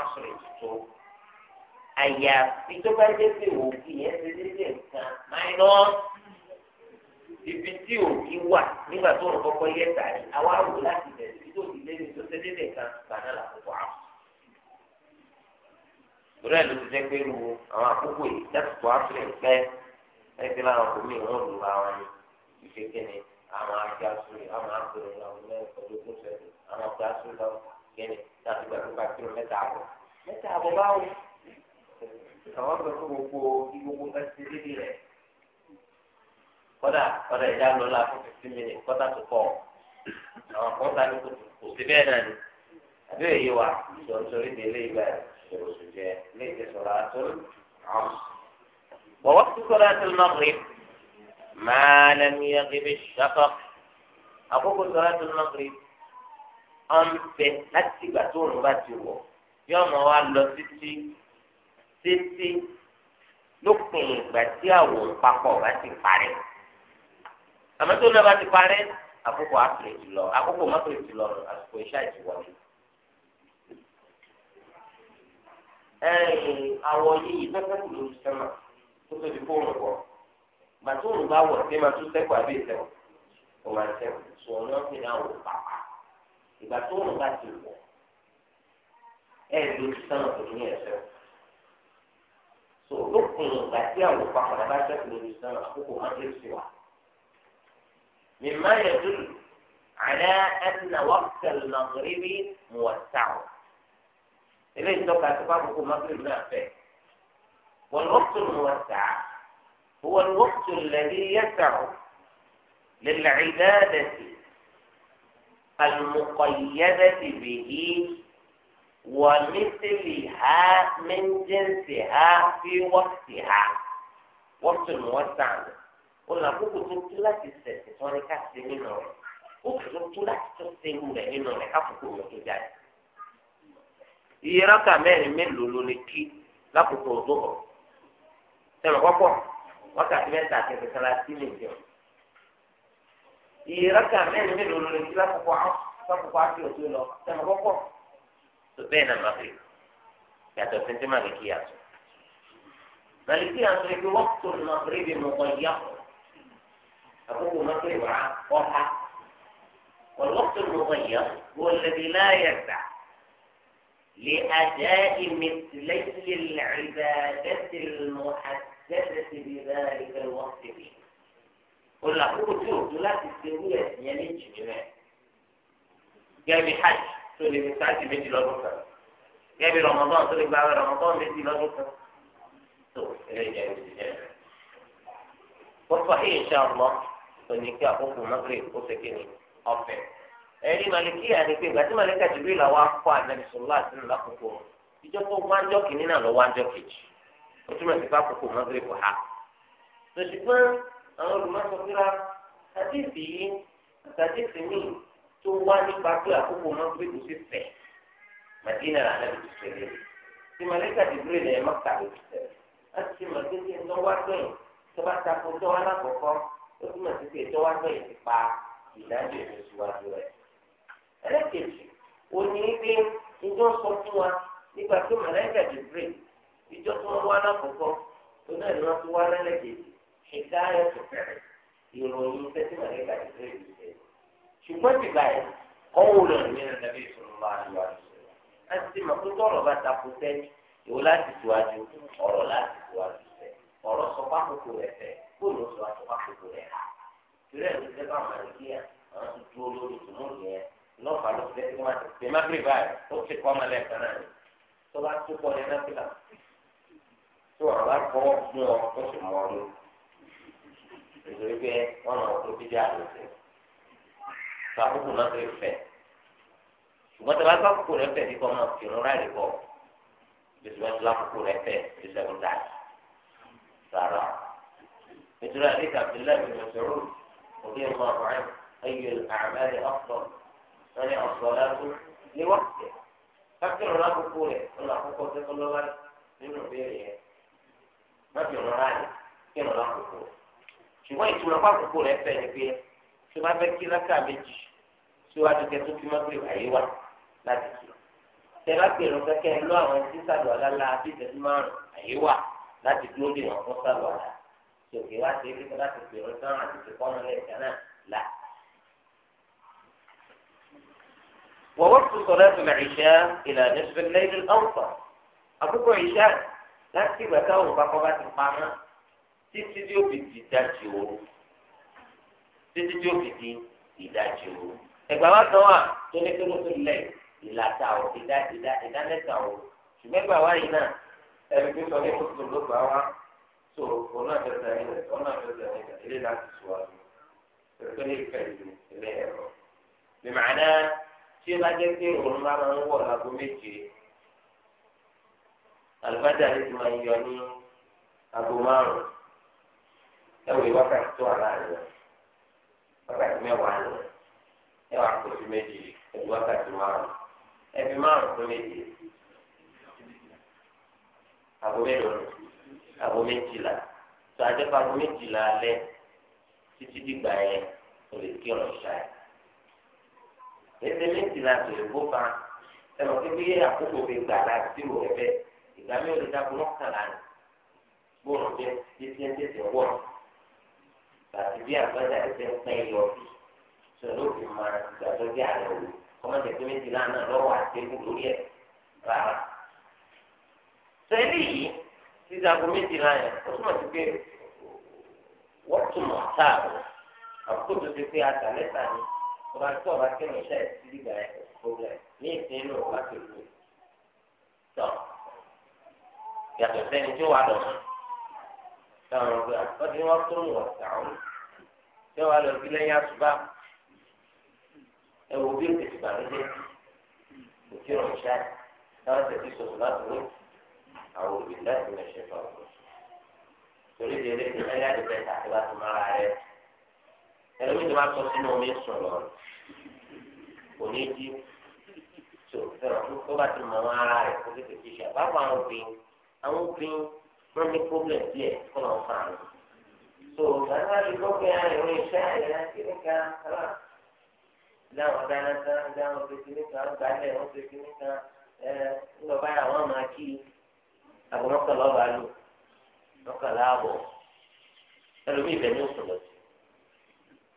asòrè tuntun àyàfi tó bá dé pé òògì yẹn ṣe déédéé nǹkan máìnọ́ ibi tí òògì wà nígbà tó ń kọ́kọ́ yẹ tàrí àwa rò láti bẹ̀rẹ̀ lébi tó ṣe déédéé kan gbàdá làkókò àwọn. ìrọ̀ ẹ̀ ló ti jẹ́ pé lu àwọn àkókò yìí dẹ́kun áfíríkà pẹ́ ẹgbẹ́ láwọn kò mí ìwọ̀n àwọn ni ìṣe kíni àwọn ajá sórí àwọn àgbèrè làwọn mẹ́rin pẹ̀lú ogún sẹ́yìn àwọn ajá sórí làwọn kíni láti gbàgbé bá kí mẹ́ta àbọ̀ mẹ́ta àbọ̀ báwo àwọn bẹ fún gbogbo gbogbo ẹsẹ̀ débi rẹ̀ kọ́dà kọ́dà ìdá lọ́la fún fifteen minutes àwọn kọ́dà ní kò kò sí bẹ́ẹ̀ náà ni àbí èyí wa sọ̀rọ̀sọ̀rọ̀ ìdè ilé ìgbà sọ̀rọ̀sọ̀rọ̀ jẹ ní ìtẹ̀sọ̀rọ̀ àtọ́rọ̀ àwọn. wọ́wọ́ ti sọ̀rọ̀ àti lọ́ọ̀rì máa lẹ́nu yẹn kí bí ṣàkọ́ àkókò sọ̀rọ̀ àti lọ́ọ̀rì ọ̀n bẹ láti ìgbà tó òun bá ti wọ̀ yọ ọmọ wa lọ títí títí lópin ìgbà tí àwòrán papọ̀ bá ti parẹ́ àmọ́ tó náà bá ti parẹ́ àkókò àpèrètì lọ àkókò mọ́pèrètì lọ àsìkò iṣẹ́ ìtìwọlé. àwọ̀ yìí lọ́sẹ̀kù ló ń sẹ́mà tó tóbi kó ń wọ̀ gbàtí òun bá wọ̀ sí máa tún sẹ́kù àbí ìsẹ̀wọ̀ kò máa sẹ́kù sùn ọ̀nà ọ̀sìn náà wò pàpà ìgbà tó òun bá ti wọ̀ ẹ̀ ló ti sẹ́mà tó ní ẹ̀sẹ̀ so lópin ìgbà tí àwọ̀ papọ̀ náà bá sẹ́kù ló ti sẹ́mà àkókò mọ́pèrètì wà. مما يدل على أن وقت المغرب موسع إذا توقع تفرق المغرب فيه والوقت الموسع هو الوقت الذي يسع للعبادة المقيدة به ومثلها من جنسها في وقتها وقت الموسع ó là kókò tó tú láti sẹ̀sẹ̀ tí wọ́n ní ká ṣe nínú rẹ̀ ó kò tó tú láti tó ṣe irú rẹ̀ nínú rẹ̀ káfíkò rẹ̀ tó jáde. iye rákà mẹ́rin mélòó ló lè kí lákòókò ọdún ọ̀ sẹ́nu kọ́kọ́ wákàtí mẹ́ta àti ẹ̀fẹ̀ sára sí lè jẹun. iye rákà mẹ́rin mélòó ló lè kí lákòókò àti ọ̀tún lọ sẹ́nu kọ́kọ́ tó bẹ́ẹ̀ nà má fi yàtọ̀ sẹ́ńtẹ́mà lè yàtọ̀. أقول المغرب واضحة والوقت المغير هو الذي لا يسع لأداء مثلي العبادة المحددة بذلك الوقت فيه قل له شوف لا تستوي يعني جميع جاي حج تقول لي ساعتي له لوقت جاي رمضان تقول لي بعد رمضان بيجي جاي والصحيح إن شاء الله òní kí àkókò mọ́gírì ó ṣe kí ni ọ̀fẹ́. ẹ̀rí màlìkí ni pé ìgbà tí màlìkà jù bíi làwọn akọ ànábì sọ̀rọ̀ láti nù lákòókò ìjọ wájọ́ kìíní náà lọ wájọ́ kejì ó túmọ̀ sí fákòókò mọ́gírì kò há. ṣùgbọ́n àwọn olùmọ̀sọ̀kúra àdìsí yìí àtàdìsí míì tó wá nípa pé àkókò kò sí fẹ̀ màdínà tí ó túmọ̀ sí pé ìtọ́wá gbẹ̀yìn ti pa ìdájọ́ ìlú síwájú rẹ̀. ẹlẹ́kẹ̀jì ó ní pé ìjọ sọ fún wa nígbà tó mọ̀lẹ́kà jìbìrì ìjọ tó wọn wá lákòókò tó náà ni wọ́n ti wá lẹ́lẹ́kẹ̀jì ṣèkà ayọ̀ tó bẹ̀rẹ̀ ìròyìn tẹ́tí mọ̀lẹ́kà jìbìrì yìí ṣe. ṣùgbọ́n ti báyìí ọ̀hún lọ ní ẹ̀rẹ́dàbí ìṣòro máa ń wá ìṣòro bóòlù ó sọ àtúpà gbogbo rẹ̀ rà ìrẹ́ ìlú tẹ́ bá wọn kí àwọn ti dúró lórí ìtumọ̀ yẹn lọ́ọ̀fà ló fi lẹ́sìn wọn àti má bí báyìí ó ti kọ́ ọmọ lẹ́ẹ̀kan náà ni tó bá tó pọ̀ yẹn náà fìlà tó ọ̀rọ̀ bá kọ́ fún ọ tó sì mọ́ ọ ló nítorí pé wọ́n mọ̀ tó bí dé àlùfẹ́ tó àkókò náà fi fẹ́ ṣùgbọ́n tó bá tó àkókò rẹ̀ fẹ́ ní kọ́ máa fi ìrora rẹ̀ bọ̀ bí ṣùgbọ́n tó àkókò rẹ̀ fẹ́ bí ṣẹ́gun rárá. مثل حديث عبد الله بن مسعود رضي الله عنه أي الأعمال أفضل من الصلاة لوقته فكر الله tòkè wá sí ibi tó bá ti pè ọ́ sọ́run àti ti kọ́ ọ́nà lẹ́ẹ̀kan náà là. ووقت صلاة العشاء إلى نصف الليل الأوسط àkókò ìṣá láti ìgbà táwọn òpapọ̀ bá ti pamọ́ títí tí ó fi di ìdajì òru títí tí ó fi di ìdajì òru ẹgbàá wa kan wà tó ní kí ló tó lẹ ìlàta ò ìdá ìdá ìdá mẹ́ta ò ṣùgbọ́n ẹgbàá wa yìí náà ẹni tó sọ ní kótó ló gbà wá so òun náà fẹsẹ̀ ayé rẹ̀ òun náà fẹsẹ̀ ayé rẹ̀ ilé láti sùwájú pẹ̀lú ìfẹ́ ìlú ilé ẹ̀rọ. bìmọ̀nà tí ó bá jẹ́ pé òun bá máa ń wọ̀ lágbo méje àlùfáàjà lè ti máa yọ ní agbo márùn-ún ẹ̀wọ̀ ìwákàtí tó wà láàrin wákàtí mẹ́wàá rẹ̀ ẹ̀wọ̀ àkọsí méje ẹ̀wọ̀ wákàtí márùn-ún ẹ̀fí márùn-ún tó méje àgbo mélòó aago méjìlá tó ajẹ́pọ̀ aago méjìlá alẹ́ títí dìgbà yẹn o lè kí ọ̀rọ̀ ṣá ẹ̀. ẹsẹ̀ méjìlá tó lè kó fa ẹ̀rọ kékeré àkókò fi gbà láti tí o rẹ̀ bẹ́ẹ̀ ìgbà mi ò lè dáko mọ́kànlá ni gbọ́dọ̀ jẹ́ títí ẹ̀jẹ̀ tẹ̀ wọ̀ àti bí àgbàdà ẹ̀jẹ̀ ń pẹ́ yọ bí sọ̀rọ̀ fi máa ìgbà tó dé àlẹ́ òru kọ́mọ́tẹ̀ tó méjìlá náà lọ́wọ́ àti ewu lórí ẹ̀ rárá. sẹ́lẹ̀ títí aago méjìlá yẹn ó túmọ̀ sí pé wọ́n túmọ̀ táàbù àkókò ti pé ata lẹ́tà ni ọba tí ọba kẹ́mi iṣẹ́ ìdílé gbà ẹ̀ ọ̀gbọ̀n ní ìsìn inú ọba tó lù tọ̀ yàtọ̀ sẹ́ni tí ó wà lọ táwọn ọgbà ọdún wọn tó ń wọ̀ sàún tí ó wà lọ sí lẹ́yìn àtúbà ẹ wo bí ètò ìgbàlódé kò tí ò ń ṣe àyè táwọn tẹ̀sí sọ̀rọ̀ láti wọ́n àwọn òbílẹ ìpínlẹ ìṣẹfà ọgbọn torí di eré ìpínlẹ ẹlẹ àdìbẹ tàbí bá tó mára rẹ ẹlẹmìí tó bá tọ sínú omi sùn lọ kò ní jí tó fẹràn tó bá ti mọ wọn ara rẹ kó tètè fi ṣe àbáfọ àwọn obìnrin àwọn obìnrin wọn ní problem díẹ̀ kó lọ fà á tó gbàgbá ìgbọ́ pé àìrìn iṣẹ́ àìrìn àti níka láwọn dáná dáná dáná ó ti kí níka ó gbálẹ̀ ó ti ńlọ báyà wọn máa kí i àbọ̀ mọ́kànlá ọ̀bà lò mọ́kànlá àbọ̀ ẹlòmíì bẹ̀ ní òṣèlú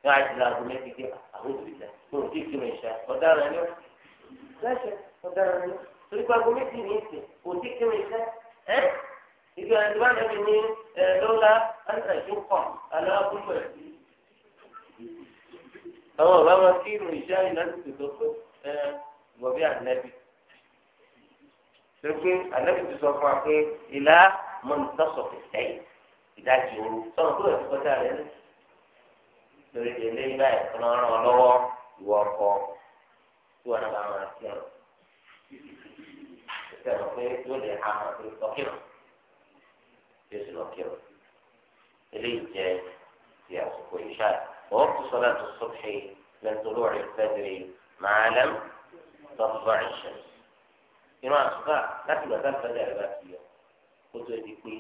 ní àjùlọ àbọ̀ mẹ́tì gé àwọn òbílẹ̀ tó ń kíkì mi ṣá ọ̀daràn ni ó lẹ́sẹ̀ ọ̀daràn ni ó torí pé àbọ̀ mẹ́tì ní ìsìn kò kíkì mi ṣá ẹ́ ìgbà ìdúrà náà mi ní lọ́la ẹ̀ńtà ìṣókọ̀ àlọ́ àbúrò ẹ̀ àwọn ọ̀rọ̀ àwọn kí irun ìṣá láti tètè pé ẹ bọ̀bí ànẹ́bí pé alẹ́ ti sọ fún wa pé ìlà mọ̀nìtọ́sọ̀fẹ̀ sẹ́yìn ìdájì ooru sọ̀rọ̀ tó yẹ kọjá rẹ̀ ní. lórí ilé ilé ẹ̀kọ́ náà ràn ọ́ lọ́wọ́ ìwọ ọkọ tí wọn bá máa ti ọ̀rọ̀. ìṣẹ̀lẹ̀ pé yóò lè ha máa fi lọ́kìrọ̀ won ti oro won pe ti won le ha maa fi lokiro ìṣá ووقت to الصبح من طلوع الفجر ما لم تطلع الشمس ìran àtúkà láti gbàgbà sọdẹ àgbà ti yọ kó tó di pé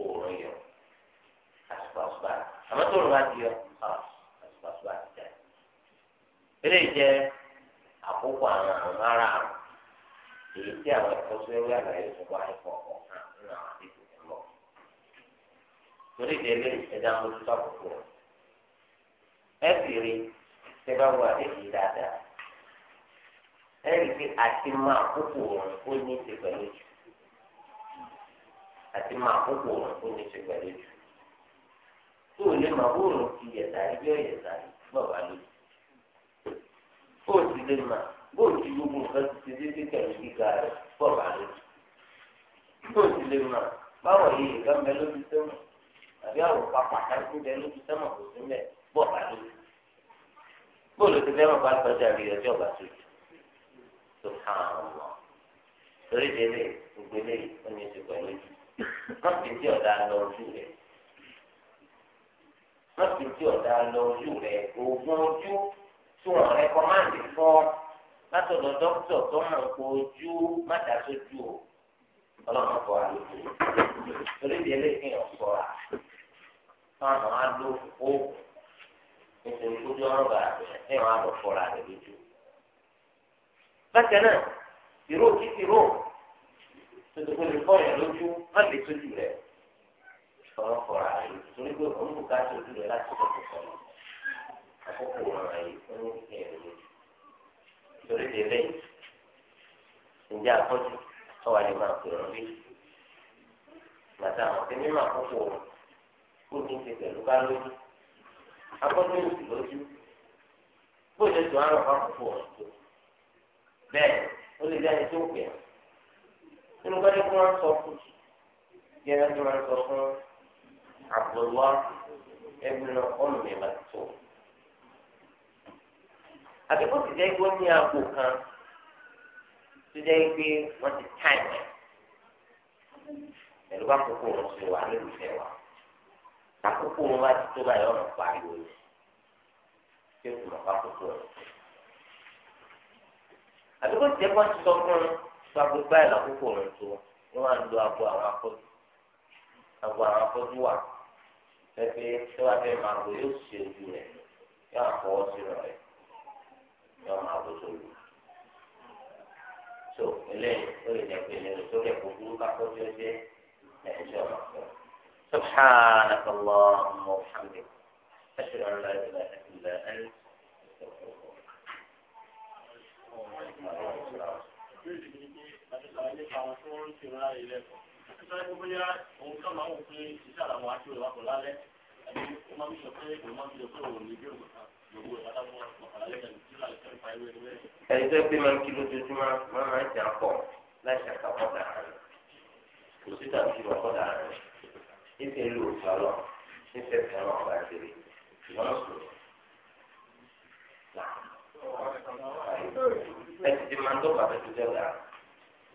òòrùn yọ àtúkà àtúkà àmọ́ tó rọra ti yọ àtúkà àtúkà ti jẹ eléyìí jẹ àkókò àwọn àwọn ará èyí tí àwọn ẹ̀kọ́ sórí àlàyé fún wa ẹ̀kọ́ nínú àwọn àdéhùn ẹ̀ lọ torí ìdílé ẹ̀dá mójútó àkókò ẹ̀ sì rí ṣẹ́ bá wọ àdéhùn dáadáa ẹ̀rí pé àti mọ àkókò òun ó ní í ṣe pẹ̀lú jù àti mọ àkókò òun ó ní í ṣe pẹ̀lú jù tó o lè mọ bóòrùn ti yẹ̀sàrí bí ọ̀yẹ̀sàrí bàbá lò ó sì lè mọ bóòrùn ti gbogbo nǹkan ti ṣe déédéé pẹ̀lú gíga rẹ̀ bàbá lò ó sì lè mọ báwọn yìí nǹkan bẹ lójú sẹ́wọ̀n àbí àwọn papà kájú bẹ lójú sẹ́wọ̀n kò sí mẹ́ bàbá lò bóòrùn ti fẹ́ràn bá tọ́jà rí ọjọ́ bàtújù subhanallah torí délé gbogbo eléyìí ó ti pẹ̀lú jù má tí ọ̀dà lọ ojú rẹ̀ má tí ọ̀dà lọ ojú rẹ̀ oògùn ojú tí wọ́n rẹ́kọ́máǹdì fọ́ látọ̀dọ̀ dókítà tó mọ̀ nǹkan ojú má dá sójú o ọlọ́run fọ́ àlùkò torí délé kí n fọ́ a fáwọn alóògùn nítorí ojú ọ̀rọ̀ bàbá ẹ̀ wọ́n á lọ fọ́ra rẹ̀ lójú. bákan náà tìró kí tìró tuntun lè fọ yẹn lójú má lè tójú rẹ ọ̀rọ̀ fọ̀rọ̀ àyè torí pé òun kò ká tójú rẹ láti kọ́kọ́ sọ̀rọ̀ àkókò wọn àyè fún ẹ̀rọ lójú torí lè lẹ́yìn ìjà àkọ́jú ọwọ́ àyè máa pè ọ́ bí màtá àwọn tí mímọ àkókò wọn kó ní ti ká lójú àrùn àkókò tó. bẹ́ẹ̀ ó lè dá ẹni tó pè é nínú gbọ́dọ̀ kí wọ́n sọ fún kí ẹni tó máa ń sọ fún àbúrò ẹgbẹ́ ọ̀nà ìmọ̀ tó. àbíkó ti jẹ́ gbó ní àpò kan tó jẹ́ pé wọ́n ti táìmù pẹ̀lú bá kókó wọn ṣe wà lólùfẹ́ wa àkókò wọn bá ti tó báyọ̀ ọ̀nà pariwo yẹn tí ó kù bá kókó wọn ṣe àdúgbò tí ẹ̀kọ́ ti sọ fún un sọ agbègbè báyìí lákòókò rẹ̀ tó ni wọ́n á lo abo àwọn afọ́jú abo àwọn afọ́jú wà pẹ́pẹ́ tí wọ́n fẹ́ máa lo yóò ṣe ojú rẹ̀ yóò àfọwọ́ sínú rẹ̀ yóò máa lo sórí. so eléyìí ó lè jẹ́ pé eléyìí sórí ẹ̀kọ́ burú káfọ́jú ẹgbẹ́ ẹ̀ṣọ́ máa fọ́. سبحانك اللهم وبحمدك أشهد أن لا إله إلا أنت àwọn tí wọ́n ń ṣe wọn láàyè lẹ́kọ̀ọ́ nítorí pé bóyá òun kàn máa wò pé iṣẹ́ àlàmọ́ àti òun wàkọ̀ lálẹ́ àbí ó máa ń sọ pé òun máa ń sọ pé òun ní bí òun kan gbogbo ìpàdánù ọ̀kàlálẹ́ kan tí ó lálẹ́ kẹ́rin pa ìwé ìwé. ẹni tó gbé máa ń kí lójoojúmọ́ ẹ ti di máa ń dọ́gba bẹ́ẹ̀ tó jẹ́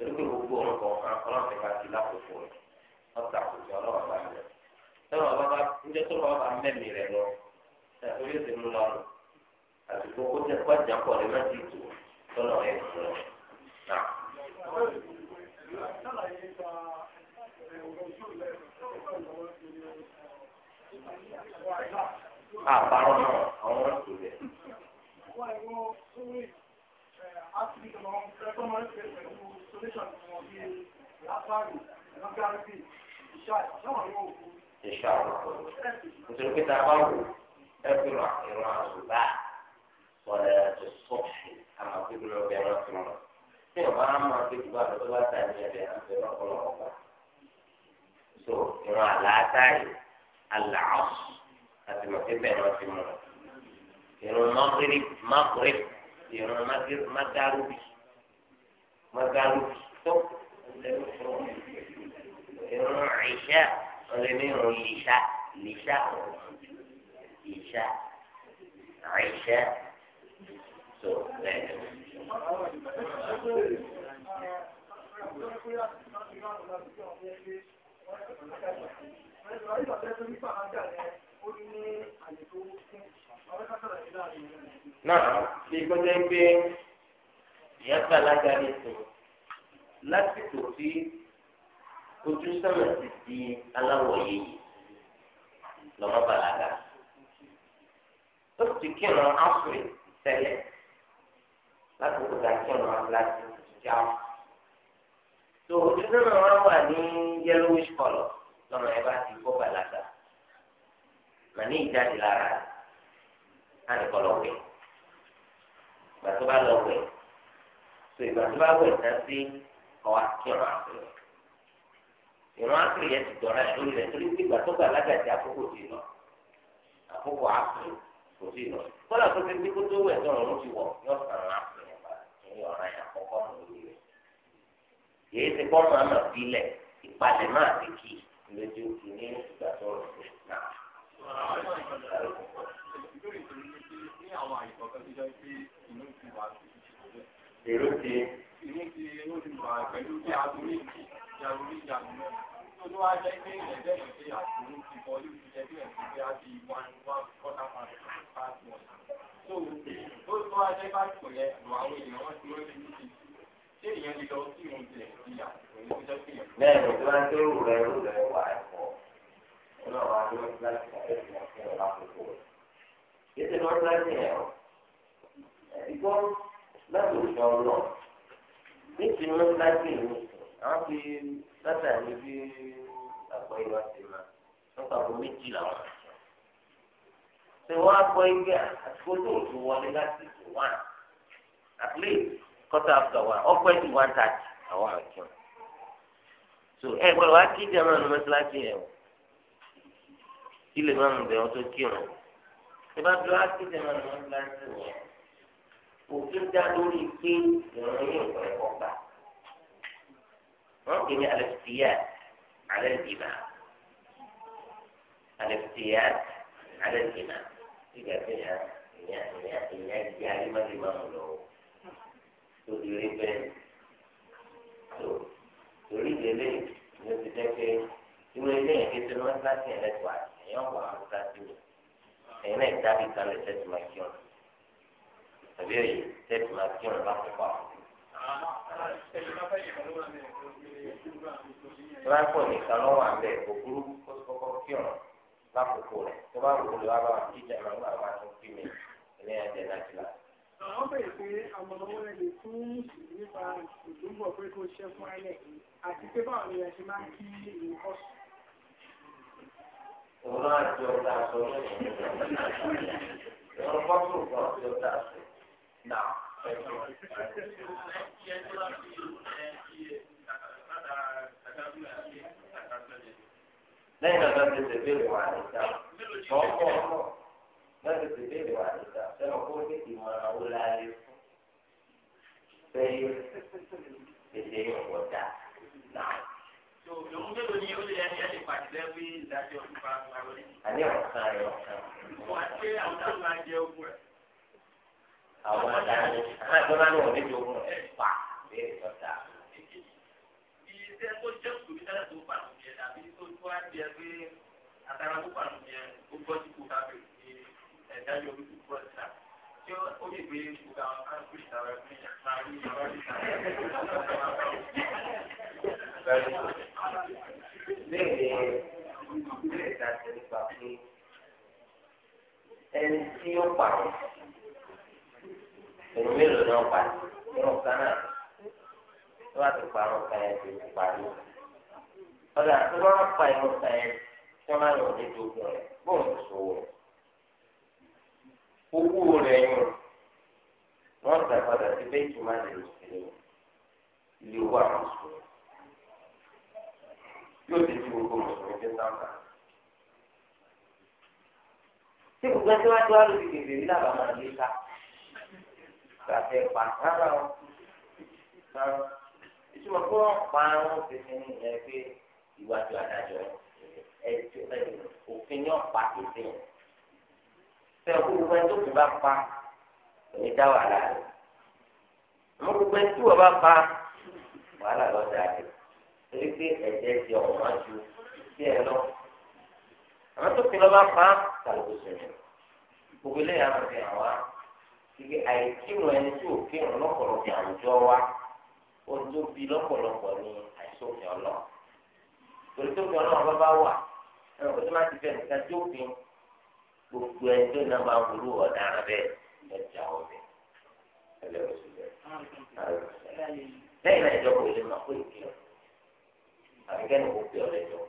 torí pé gbogbo nǹkan kan ọlọ́ọ̀fẹ́ bá ti lákòókò rẹ̀ ọ̀tà àkójọ ọlọ́wọ́ bá rẹ̀ tọ́lọ̀ ọba bá níjẹ́ tó lọ́wọ́ bá mẹ́mí rẹ̀ lọ torí èsì ń lọ àsìkò kó jẹ́ pàjà pọ̀ lè ti tù tọ́lọ̀ rẹ̀ tù lọ. àpárọ̀ náà àwọn ọ̀rọ̀ tó lẹ̀ wọ́n ẹ̀rọ fún àfíríkà máa ń fẹ́ tó máa ń fẹ́ pẹ̀lú ìṣà òkú nítorí pé tá a bá wù ẹgbẹ́ rà ìran àṣùbà wọlé ẹ̀jẹ̀ sọ́ọ̀ṣì àmọ́ àgbègbè lọ bẹ̀rẹ̀ lọ sí wọn. tí ọba á máa fi gbogbo àdó tó bá ta ní ẹ̀bẹ̀ náà bẹ̀rẹ̀ ọ̀pọ̀lọpọ̀ ọ̀pá. so ìran àlàátàyè àlàáṣù àti màtí bẹ̀rẹ̀ lọ sí wọn. ìran mọ́kìrì mọ́kìrì ìran mọ́kìrì mọ́kìrì mọ̀gàlù tó ìrún ìṣá ọ̀lẹ́ ní ìrún ìṣá ìṣá ìṣá ìṣá tó bẹ́ẹ̀. Náà, bí gbọ́dọ̀ gbé ìyẹn bàlágà lè sùn lásìkò tí ojú sọ̀rọ̀ ti di aláwọ̀ yìí lọ́mọ bàlágà ó sì kírun áfírí tẹ́lẹ̀ lásìkò tá a kírun láti já tó ojú sọ̀rọ̀ wọn wà ní yellowish colour lọ́mọ ẹ bá ti kó bàlágà màní ìjáde lára rẹ̀ á ní kọ́ lọ́wọ́ ẹ̀ gbàtọ́ bá lọ́wọ́ ẹ̀ so ìgbà tó bá wẹ̀ tán sí ọwọ́ akínrún àpèrè ìrún àpèrè yẹn ti dọ̀rọ̀ ẹ̀ lórí rẹ̀ torí pé ìgbà tó gbà lágàjì àkókò ti lọ àkókò àpèrè kò sí lọ kọ́lá tó fi kó tó wẹ̀ tán ọ̀run ti wọ̀ yọ sàn án àpèrè pa ní ọ̀ràn yẹn àkọ́kọ́ lórí rẹ̀ yìí ti kọ́ mọ́ àmà bílẹ̀ ìpalẹ̀ máa ti kì í lójú ti èrò ti. èrò ti èrò ti mọ̀ pẹ̀lú bí aago méjì ìyàwó ìjà mọ́. tó ló wá jẹ́ pé ẹ̀jẹ̀ yìí ṣe àtúrò ti bọ́ yóò ti jẹ́ bí ẹ̀sìn bí a ti wá wá kọ́tà pàṣẹ pàṣẹ ọ̀sán. tó tó tó wá jẹ́ pàṣẹ yẹn lọ àwọn èèyàn wọn ti wọ́n ti ní ti ṣé ìyẹn ti lọ sí ìrùn tilẹ̀ ìyà òun tó jẹ́ ti máa ń dérò rẹ wà ẹ̀kọ́ ọlọ́run lọ láti ṣàkóso láti òfin ọlọ níbi mọ́sálásí mi àwọn fi látàrí bí àgbọ̀ ìwà ti máa nípa àgbo méjì làwọn àṣọ. ṣé wọ́n á gbọ́ igi àtúkò tó tó wọlé láti tó wà at least quarter after one ọgbẹ́ ti one thirty àwọn àjọ. so ẹ gbọ́dọ̀ wá kí jẹ́ mọ́nu mọ́sálásí yẹn o kí lè má mú bẹ́ẹ̀ ọ́ tó kírun. ṣé bá dúró á kí jẹ́ mọ́nu mọ́sálásí yẹn òfin dá lórí pé ìrìn yóò pẹ́ ọgbà wọn kì í ní alẹ́sìtìyà alẹ́sìmà alẹ́sìtìyà alẹ́sìmà ìgbà tí yà ìyá ìyá ìyá ìyá arímọ́lẹ́mọ́ lọ lórí rí bẹ́ẹ̀ tó lórí ìdílé ló ti jẹ́ pé ìwé ilé yẹn kéde ló ń bá tiẹ̀ lẹ́tọ̀ọ́ àti ẹ̀yọ́ wà á ń sá sí mi ẹ̀yìn náà ìdábì kan lè tẹ̀sí máa kí ọ̀nà àbí èyí tẹ́tù máa kí ọ̀rọ̀ bá tó pa. nìkan ló wà ńlẹ̀ kó tó kọ́kọ́ kí ọ̀rọ̀ lákòókò rẹ̀ tó bá wù ú lọ́wọ́ bá wà kí máa wà wá tó kí mi ní ẹ̀jẹ̀ náà ti là. Àwọn bẹ̀rẹ̀ pé àwọn rẹ̀ lè fún nípa ìdúgbò pé kó ṣẹ́ fún ẹlẹ̀ àti pé báwo ni ẹ̀ṣin máa ń kí nǹkan sùn. Òun náà jọ ọ̀dà sọ lónìí. Ìrọ̀lọ́pọ̀ tó kọ̀ ọ̀dà sọ. Now, lẹ́yìn náà láti ṣe béèrè wà níta tọ́pọ̀ láti ṣe béèrè wà níta sẹ́wọ̀n kó ní ìmọ̀ràn owó láàyè fún sẹ́yìn tètè ìwọ̀dà náà. Òun mélòó ni ó lè ẹni ẹni pàṣẹ pé ìdájọ́ ìfipá àwọn ọ̀rẹ́? Àní ọ̀kan ẹ̀ ọ̀kan. Wọ́n á ṣe àwọn tó máa jẹ ogun rẹ̀ àwọn àdáni àwọn ìjọba náà wọlé tó wọn ẹ fà bẹ́ẹ̀ lọta. iṣẹ́ tó jẹ́ kùbí sáré tó fà lóbi ẹ̀ tàbí tó tó á jẹ pé àtàrà tó fà lóbi ẹ̀ ó gbọ́ sí kó káfí ní ẹ̀dá yóò fi gbọ́ sí ta. tí ó ẹni tí ó pààrọ̀ irun mélòó náà pa irun kan náà tó bá ti pa irun kan yẹn ti ti parí ọ̀dà tó bá wà pa irun kan yẹn tó máa lọ ní dogun rẹ̀ bóun sòwò owó rẹ̀ yùn wọ́n tẹ̀ padà sí bẹ́ẹ̀kì má lè lò sí ilé owó àwọn sòwò yóò ti di gbogbo mùsùlùmí tí sáńkà. tí gbogbo ẹjọ́ wájú wá lórí kèfèrí lábàá máa lé ká tàbí ẹ̀pà rárá o rárá ìtumọ̀ pé wọ́n pa àwọn òṣèṣe ní ìyẹn pé ìwájú adájọ́ ẹ̀jọ́ òfin ní ọ̀pá kéde yẹn fẹ́ kó gbogbo ẹni tó fi bá pa òní dá wàhálà rẹ̀ àmọ́ gbogbo ẹni tí wọ́n bá pa wàhálà lọ́dà rẹ̀ torí pé ẹ̀jẹ̀ ti ọ̀wọ́n ju sí ẹ lọ àmọ́ tó fi lọ́ bá pa tàbí kò sọ̀rọ̀ gbogbo eléyàwó fi hàn wá ibi àìkírun ẹni tí òkírun lọ́pọ̀lọpọ̀ àwùjọ wa ohun tó bi lọ́pọ̀lọpọ̀ ni àìsófin ọlọ́ torí tó fi ọlọ́run bá bá wà ẹnì kó tó má ti fẹ́ nìkan tí ó fi gbogbo ẹni tó náà máa wúlò ọ̀daràn bẹ́ẹ̀ ẹja ọbẹ̀ ẹlẹ́wọ̀sì bẹ́ẹ̀ lẹ́yìn náà ìjọba òde máa kó ìkírun àbíkẹ́ni kò pè ọ́ lẹ́jọ́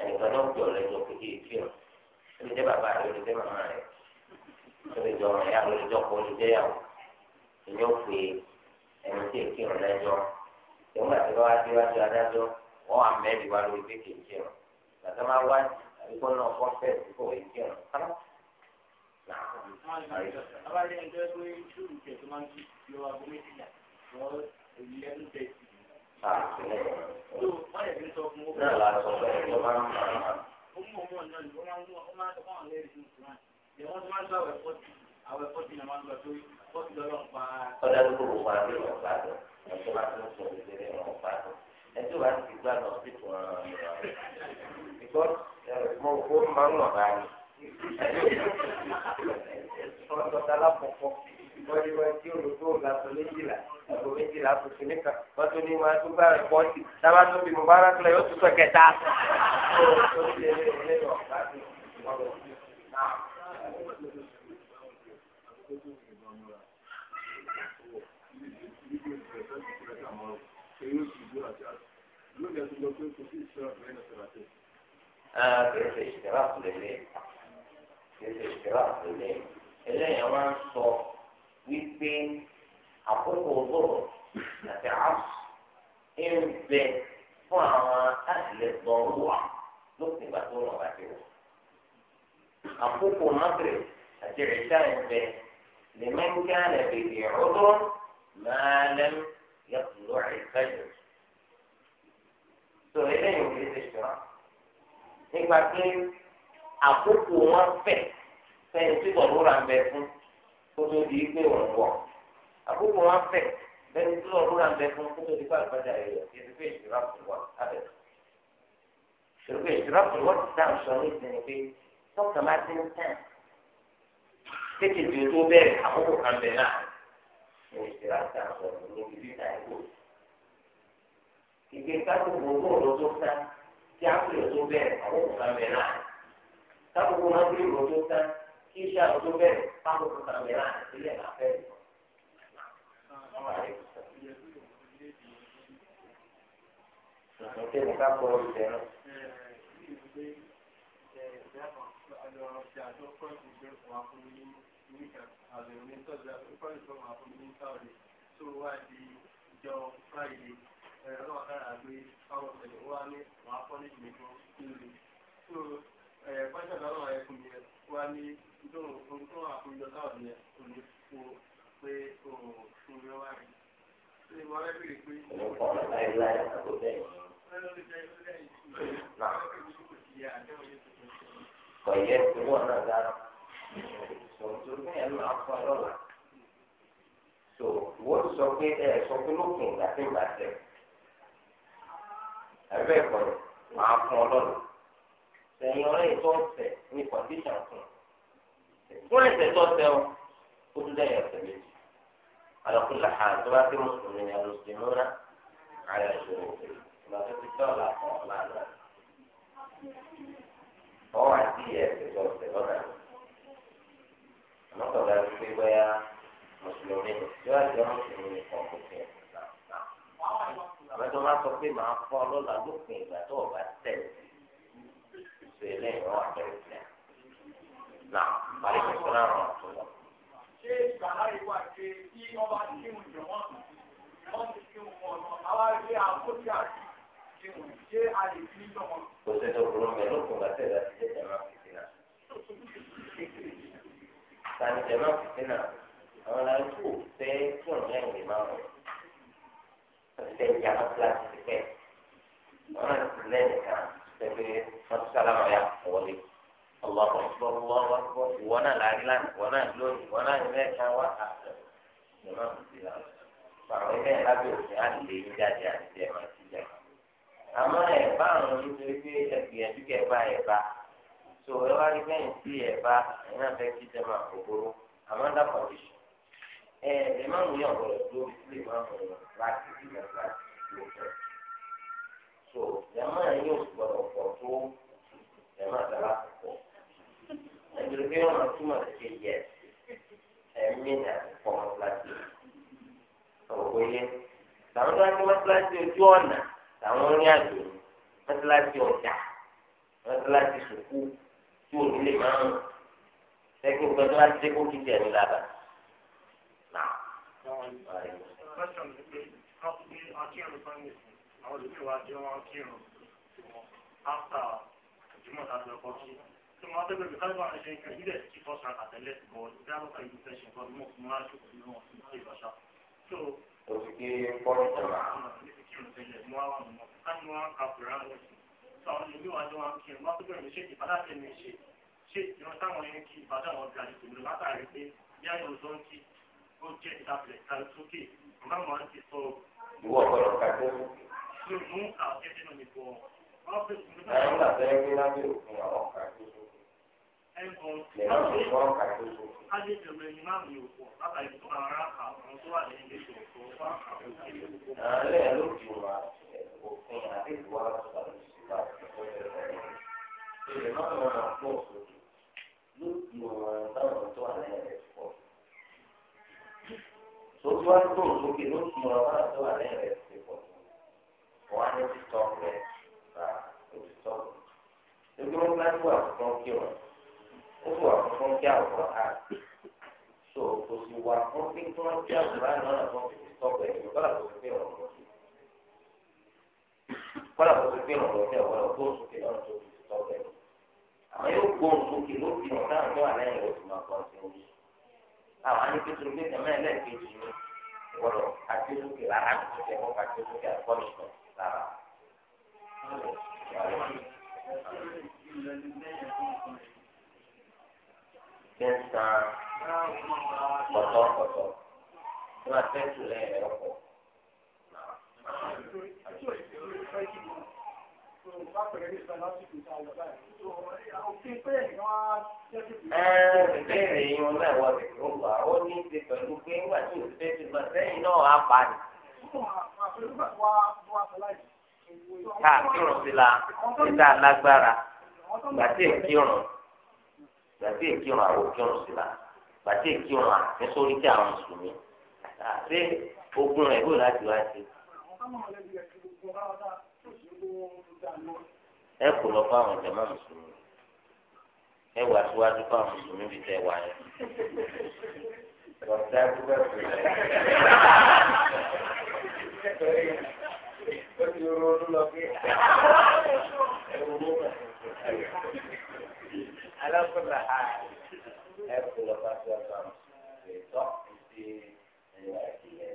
ẹnìkan náà pè ọ́ lẹ́jọ́ kékeré kírun ẹni jẹ́ bàbá rẹ̀ ẹni jẹ́ màmá rẹ̀ ó jọ ọmọ ìyá lórí ìjọ kó lè jẹyàwó èyí ẹni tí èké rẹ lẹ́jọ́ ìwọ̀n àti bá wá wájú adájọ́ wọ́n wà mẹ́rin wá lórí pé kì í bàtà máa wá àdúgbò náà kọ́ fẹ́ ìdúgbò yìí jẹun kálá. Abájẹ́ ẹjọ́ pé ṣùgbọ́n ìṣẹ̀ tó máa ń kí lọ aago méjìlá wọ́n eleven thirty. Náà la sọ pé ẹjọ́ máa ń mọ̀ ọ́n. Ó mú ọmọ náà ló máa ń mú ọmọ náà lẹ́rìí sí ìtura ni wọ́n ti máa ń lọ àwẹ̀ fọ́tì àwẹ̀ fọ́tì ni wọ́n máa ń lọ tó fọ́tì lọ́rọ̀ pa. ọ̀dà tó kò wá ní ọ̀pá lọ ẹ̀tọ́ bá tó ń sọ ìdílé rẹ̀ ọ̀pá lọ ẹ̀tọ́ bá ti gbà lọ sí fún ọ̀rọ̀ rẹ̀ ìkọ́ eh, mo kó máa ń wọ̀n báyìí. ọ̀dọ̀ta lápọ̀pọ̀ wọ́n ní tí olùkó ọ̀gá tó méjìlá àgbo méjìlá tó fi níkà wọ́n tó ní wọn tó bá rẹ̀ pọ́ǹtì sábà tó bí mo bá rẹ̀ kílẹ̀ yóò tó sọ kẹta. kèsè ìṣẹ̀ráàpù lélẹ̀ kèsè ìṣẹ̀ráàpù lélẹ̀ eléyìí wọ́n á sọ wípé àkókò bọ̀rọ̀ àti àṣù ń bẹ fún àwọn àtìlẹ́gbọ̀n wà lópin ìgbà tó lọ́ọ́ bá ti wọ̀. àkókò mọ́tìrì àti ìṣẹ́ ń bẹ lèmẹ́ńkà lẹ́bẹ̀ẹ́ ọdún máa lẹ́nu. يطلع الفجر tó eléyìí ò lè ṣe ṣọ́ nípa pé àkókò wọn fẹ̀ fẹ́ẹ́ tí wọ́n lóra ń bẹ fún kó tó di pé wọ́n wọ̀ àkókò wọn fẹ̀ fẹ́ẹ́ tí wọ́n lóra ń bẹ fún kó tó di pé àgbàdà rẹ̀ yọ̀ kí ẹ̀sìn ìṣúra fún wọn abẹ́ ṣòro ìṣúra fún wọn ti dáhùn sọ ní ìsinmi pé tọ́kà máa ti ń tàn ìsìláta sọ̀rọ̀ níbi bíta ìlú. Ìgbé kákò gbogbo ọ̀rọ̀ tó tán tí a pè tó bẹ̀rẹ̀ àwọn òkúta mẹ́ra. Kákò gbogbo máa gbé ọ̀rọ̀ tó tán kí iṣẹ́ àwọn tó bẹ̀rẹ̀ kákò òkúta mẹ́ra sílẹ̀ máa fẹ́ weekend kọ̀yẹ́ tí wọ́n náà dára sọ̀tún ní ẹ̀rọ afọ so wọ́n sọ pé ẹ sọ pé lókun ìgbà tí ìgbà tẹ̀ ẹ̀rọ ẹ̀kọ́ máa fún ọ lọ́la sẹ̀yìn ọ̀rẹ́ ìtọ́ ọ̀sẹ̀ ní kọ̀díṣàn fún fún ẹ̀sẹ̀ tó ọ̀sẹ̀ o ó tún dẹ̀yìn ọ̀sẹ̀ méjì alọ́kùnrin àhàn tó àti ẹ̀sẹ̀ tó ọ̀sẹ̀ mọ́tọ̀dá ti pé bóyá mùsùlùmí tí wọ́n jẹ́ mùsùlùmí nìkan kò fi ẹ̀sìn náà náà. àwọn tó máa sọ pé màá fọ́ lọ́la lópin ìgbà tó ọ̀gá tẹ̀ ṣe eléyìí wọ́n àbẹ̀rẹ̀ tẹ̀. náà parí kẹsàn-án àwọn àtúntò. ṣé bàbá ìwà ṣe kí ọba kírun jọ wọn wọn ti kírun wọn àwa rí àkójá kírun ṣé a lè fi jọ wọn. kò sí tó burú mẹ́rin lókun bàtẹ́ ìdásílẹ̀ náà fi tani jẹ̀mọ́ fìtínà àwọn ará tó fẹ́ kí òun lẹ́yìn lè máa wọ̀ ọ̀sẹ̀ ìjà wọn kíláàsì ti pẹ́ wọn náà ti lẹ́yìn kan pẹ̀lú wọn ti sálámà ya wọlé ọlọ́wọ́ gbọ́ wọ́n wá gbọ́ ìwọ náà láàrin lánàá ìwọ náà lónìí ìwọ náà ilé ẹ̀ka wá àtẹ̀ jẹ̀mọ́ fìtínà àwọn ilé ẹ̀ lábẹ́ òfin á lè yí jáde àti jẹ̀mọ́ àti jẹ̀mọ́ àmọ́ ẹ̀ bá àwọn oníṣẹ́ so ẹ wá rí bẹ́ẹ̀ sí ẹ̀ bá ẹ̀yin náà fẹ́ kí jẹ́ máa kòkòrò amanda condition ẹ ẹ máa mú yàn bọ̀rọ̀ tó lè máa mú yàn láti bí yàn láti ló fẹ́ so yàmá yín ò gbọdọ̀ pọ̀ tó yàmá dára pọ̀ ẹ̀dùn bí wọ́n máa túmọ̀ sí pé yẹ ẹ̀mí ni àtìpọ̀ láti ọ̀pọ̀ yẹ làwọn tó wá ní mọ́tíláṣí ojú ọ̀nà làwọn ń rí àjò mọ́tíláṣí ọjà mọ́tíláṣí sùkúù tí o nílé máa ń ẹgbẹ́ ògbẹ́ tó bá ti dé kó kí tiẹ̀ ní lábàá. Nà. Tí wọ́n tẹ́lẹ̀ bí káyọ̀ àwọn ẹ̀ṣẹ̀ ìkẹ́ ìdílé tí fọ́sà àtẹ̀lẹ̀ bọ̀ dábàá ìlú tẹ̀sán pọ̀ mọ́ fún máa ṣòkòtò ní wọn fún ìbáṣà. Òfìkì pọ́ńtà. Mo wá wà nínú. Ká ní wọ́n á kà fúra lọ́sìn àwọn ìlú àjọ wọn kì í wọn tó bẹ̀rẹ̀ ṣe ìbádàtẹ̀ ṣe ṣe ìran táwọn yẹn kí ìbádà wọn ga ìpè lọ látàrí pé bí àyè òzò kí ó jẹ́ ìdàpẹ̀lẹ̀ kan sókè ìmáàmù á ti sọ. ìwọ ọ̀pọ̀lọpọ̀ kájọ. ṣé o mú àwọn ẹgbẹ́ náà nìkan wọn. wọ́n fẹ́ kí wọ́n. lábẹ́ òfin àwọn kájọ Ele não é uma força l'ultimo lavoro attuale è fuori. Sotto al corso che l'ultimo lavoro attuale è fuori. O anche si scopre, ma non si scopre. Se tu non fai qua, non chiude. O qua, non chiude qua. So, così qua, non si chiude qua, non la cosa si scopre, non la cosa si chiude kọ́lá tó ti gbé ọ̀rọ̀ tẹ̀ tó sókè lọ́nà tó ti sọ bẹ́ẹ̀. àwọn yóò gbóhùn sókè ló fi hàn náà tó wà lẹ́yìn oṣù máa kọ́ sí omi. àwọn anípẹ́tùrú pé tẹ̀mẹ́ ẹlẹ́ẹ̀kejì ni ọ̀rọ̀ àti sókè rárá tó tẹ̀ wọ́n àti sókè àkọ́nìṣọ̀ rárá. Tẹ̀sán kọ̀tọ̀kọ̀tọ̀ tí wọ́n á lẹ́yìn ẹ̀rọ pọ̀. Ẹ̀ẹ́dẹ̀rẹ̀ yìí náà wọ́n ti tó wà ó ní í pẹ̀lú pé nígbà tí òṣìṣẹ́ ti lọ sẹ́yìn náà á pa ni. Ká kírun sí la títà lágbára gbàtí èkírun gbàtí èkírun àwọn òkírun sí la gbàtí èkírun àtẹ́sórí tí àwọn mùsùlùmí àti ogun rẹ̀ bó láti wá sí ẹ kò lọ fáwọn ìjọba mùsùlùmí ẹ wà síwájú fáwọn mùsùlùmí bíi tẹ wà yẹn. Bọ̀dá dúpẹ́ sílẹ̀. Ó ti ronú lọ pé ẹ̀rọ alákùnrin ha ẹ kò lọ bá sí ọgbà mùsùlùmí tọ́ ti ẹ̀yà ìdílé.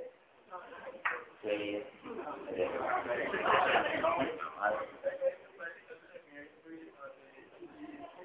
Ṣé ẹ lè.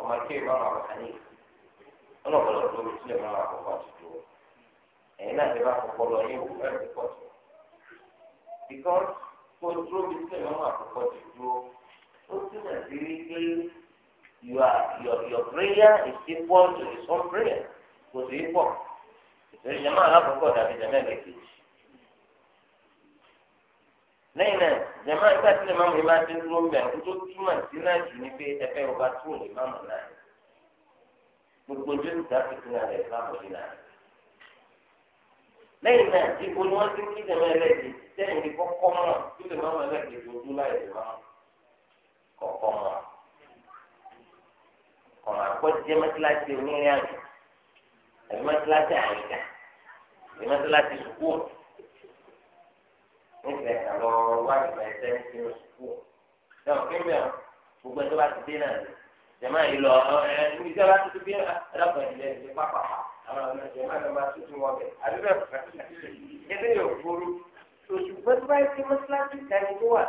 ọmọ ike ìmọ̀ràn àwọn àní ọlọ́pọ̀lọ́ tó ti lè mọ̀ràn àkọ́kọ́ àtúntò ẹ̀yin náà ti bá àkọ́kọ́ lọ ní ìwò ẹ̀rọ púpọ̀ tó because kó dúró bí ti lè mọ̀ràn àkọ́kọ́ ti dúró ó túmọ̀ sí wípé you your your prayer is equal to his own prayer kò sí pọ̀ ìtòlẹ́jọ́ máa lákòókò dàbí jẹ́mẹ́lẹ́kejì lẹ́yìn náà jẹ̀má ìgbà tí lèmọ́mù yìí máa ti ń dúró mbẹ́ ọ̀hún tó túmọ̀ sí náà jù ní pé ẹ̀fẹ́ ọba tó lè má mọ̀ náà gbogbo ojú ti dá fìtì náà lẹ̀ má mọ̀ ní náà. lẹ́yìn náà ibo ni wọ́n ti kí jẹ̀má ẹlẹ́dì sẹ́yìn ní kọ́kọ́ mọ̀ tí lèmọ́mù ẹlẹ́dì tó dúró láì lè má kọ́kọ́ mọ̀. ọ̀nà àpọ̀ mẹ́tíláṣí onírìn àjò nífẹ̀ẹ́ kan lọ wá ìgbà ẹsẹ̀ nínú sùkú náà kí n bẹ̀rù gbogbo ẹjọ́ bá ti dé náà jẹ̀má yìí lọ ẹ níbi tí a bá tuntun bí ẹ̀dọ́gbọ̀n ìjẹ́ ìjẹ́ pápá àwọn ọmọ jẹ̀má náà tuntun wọn bẹ̀ àdúrà ẹgbẹ́ yóò gbóró òṣùpá tó bá yẹ kí mọ́sálásí kan ní wà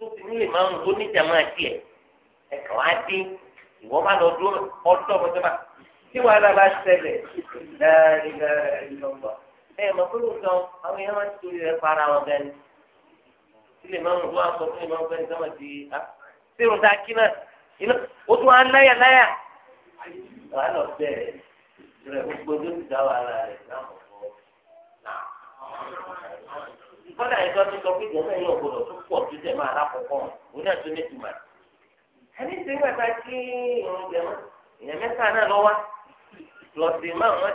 tó ti nílé máa ń tó ní jẹ̀má tiẹ̀ ẹ̀ka wá dé ìwọ́ bá lọ dúró ọdún ọ̀pọ̀ jẹ̀má tí wàhálà bá ṣẹlẹ̀ dáadáa ẹ mọ̀ pé lóòótọ́ àwọn èèyàn máa ń torí rẹ̀ para wọn gan ni sílẹ̀ máa ń mú wọn sọ fún ìmọ̀ fẹ́ni sọ́mọ̀ ti á sírun tá a kí náà iná ó tún wá láyà láyà wàá lọ bẹ́ẹ̀ rẹ̀ gbogbo tó ti dá wàhálà rẹ̀ náà kọ́dà ìjọ ti sọ pé ìjọba yìí ọ̀gbọ́dọ̀ tó pọ̀ tó tẹ̀ máa lákòókò òun náà tó nítumọ̀. ẹni tí wọ́n ta kí ìrùn jẹ̀mọ́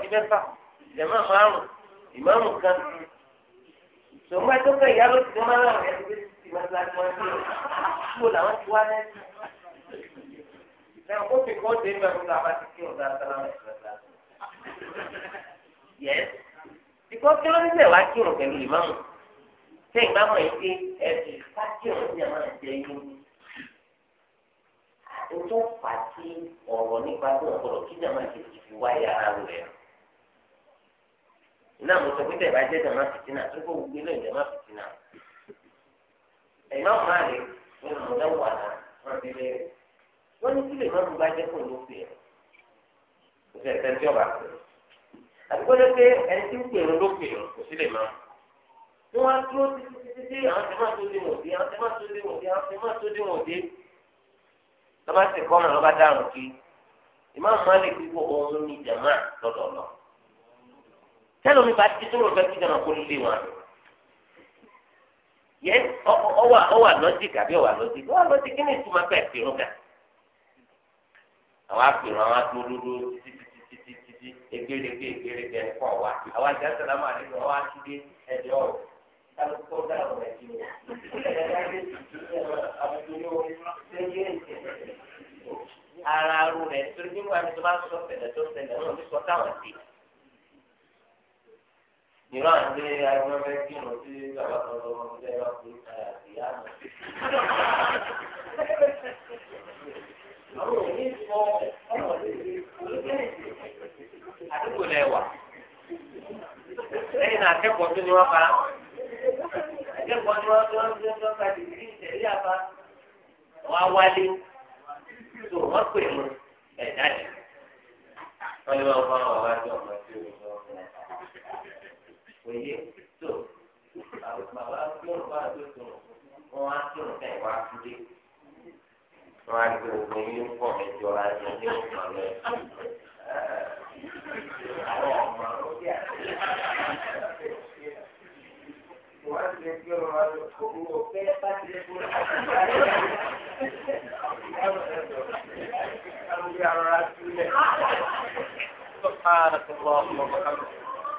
ìyẹn ìmáàmù kan ṣòwò tó kẹ ìyá ló ti dán máa ń rà ẹni pé ti máa la gbọ́n sí ọ kúrò làwọn ti wá lẹ́yìn. Ìjọba kófin kó dé ní ọdún làbá ti kí ọ̀dà sálámà ìgbàgbà. Yẹ́s. Ìkọ́ kí ló ń bẹ̀ wá kírun pẹ̀lú ìmáàmù. Ṣé ìmáàmù yìí pé ẹ̀sìn ká kírun sí àwọn ẹ̀jẹ̀ yìí? Àtúntò pàtí ọ̀rọ̀ nípa tó ọ̀pọ̀lọ̀ kí jàmáà kejì fi wáyà ara rẹ̀ iná mo sọ pé tẹ̀ bá jẹ́ jàmá fìtínà tó kó gbogbo ilé ìjàmá fìtínà. ẹ̀yọ́ máa lè ní ọ̀dọ́ wà náà wọ́n ti lé wọ́n ní kílè má mo bá jẹ́ kó ló pè é kò sí ẹ̀sẹ̀ tí ọba pè é. àdúgbò lé pé ẹni tí ń pè é ló pè é kò sí lè má. wọ́n á dúró títí títí àwọn tẹ́ máa tó dé wọ̀n dé àwọn tẹ́ máa tó dé wọ̀n dé àwọn tẹ́ máa tó dé wọ̀n dé. lọ́ba ti kọ́ ọ̀nà lọ́ba dáhùn kí ìmáàmù Málíkì gbogbo ohun ní jàmá lọ́dọọlọ́ọ̀ tẹ́lẹ̀ omi bá ti tó lọ fẹ́ kí jẹ́nà kó lé wọn. yẹ ọwà ọwà lọ́jìk àbí ọwà lọ́jìk ọwà lọ́jìk kí ni ìtumọ̀ pẹ̀ fìrún gà. àwọn afìrún àwọn atolódó títítítítítí egbèrègbè egbèrègbè ẹ̀kọ́ wa àwọn àti asàlámù àdéhùn àwọn atúndé ẹ̀dẹ̀ ọ̀rọ̀ kálukó dáhùn ẹ̀dẹ̀ ọ̀rọ̀ ara rú rẹ̀ torí nígbà mi tó bá sọ fẹ̀lẹ̀ tó fẹ̀lẹ̀ ọ̀rọ̀ mi sọ táwọn sí i. ìrọ̀ àti agbẹ́fẹ́ kí ló ti bàbá kan lọ wọn fẹ́ wá pé kàyà sí àná. àwọn òní sọ ọ̀rọ̀ àdúgbò lẹ wà lẹ́yìn akẹ́kọ̀ọ́ tó wọ́n akẹ́kọ̀ọ́ wọ́n tó ń ìtẹ̀lé àbá wọ́n á wálé tó wọ́n pè ẹ̀dá jù wọ́n òye tó bàbá yóò bá tó tó wọn á tó nǹkan ìwà àtúndé wọn á gbé ogun yín pọ̀ ẹjọ́ ra ẹjọ́ ní ọmọ rẹ àwọn ọmọ rẹ wọn á tilẹ̀ kí ọmọ rẹ kó o fẹ́ bá tilẹ̀ kó o fẹ́ bá tilẹ̀ kó o. سبحانك اللهم وبحمدك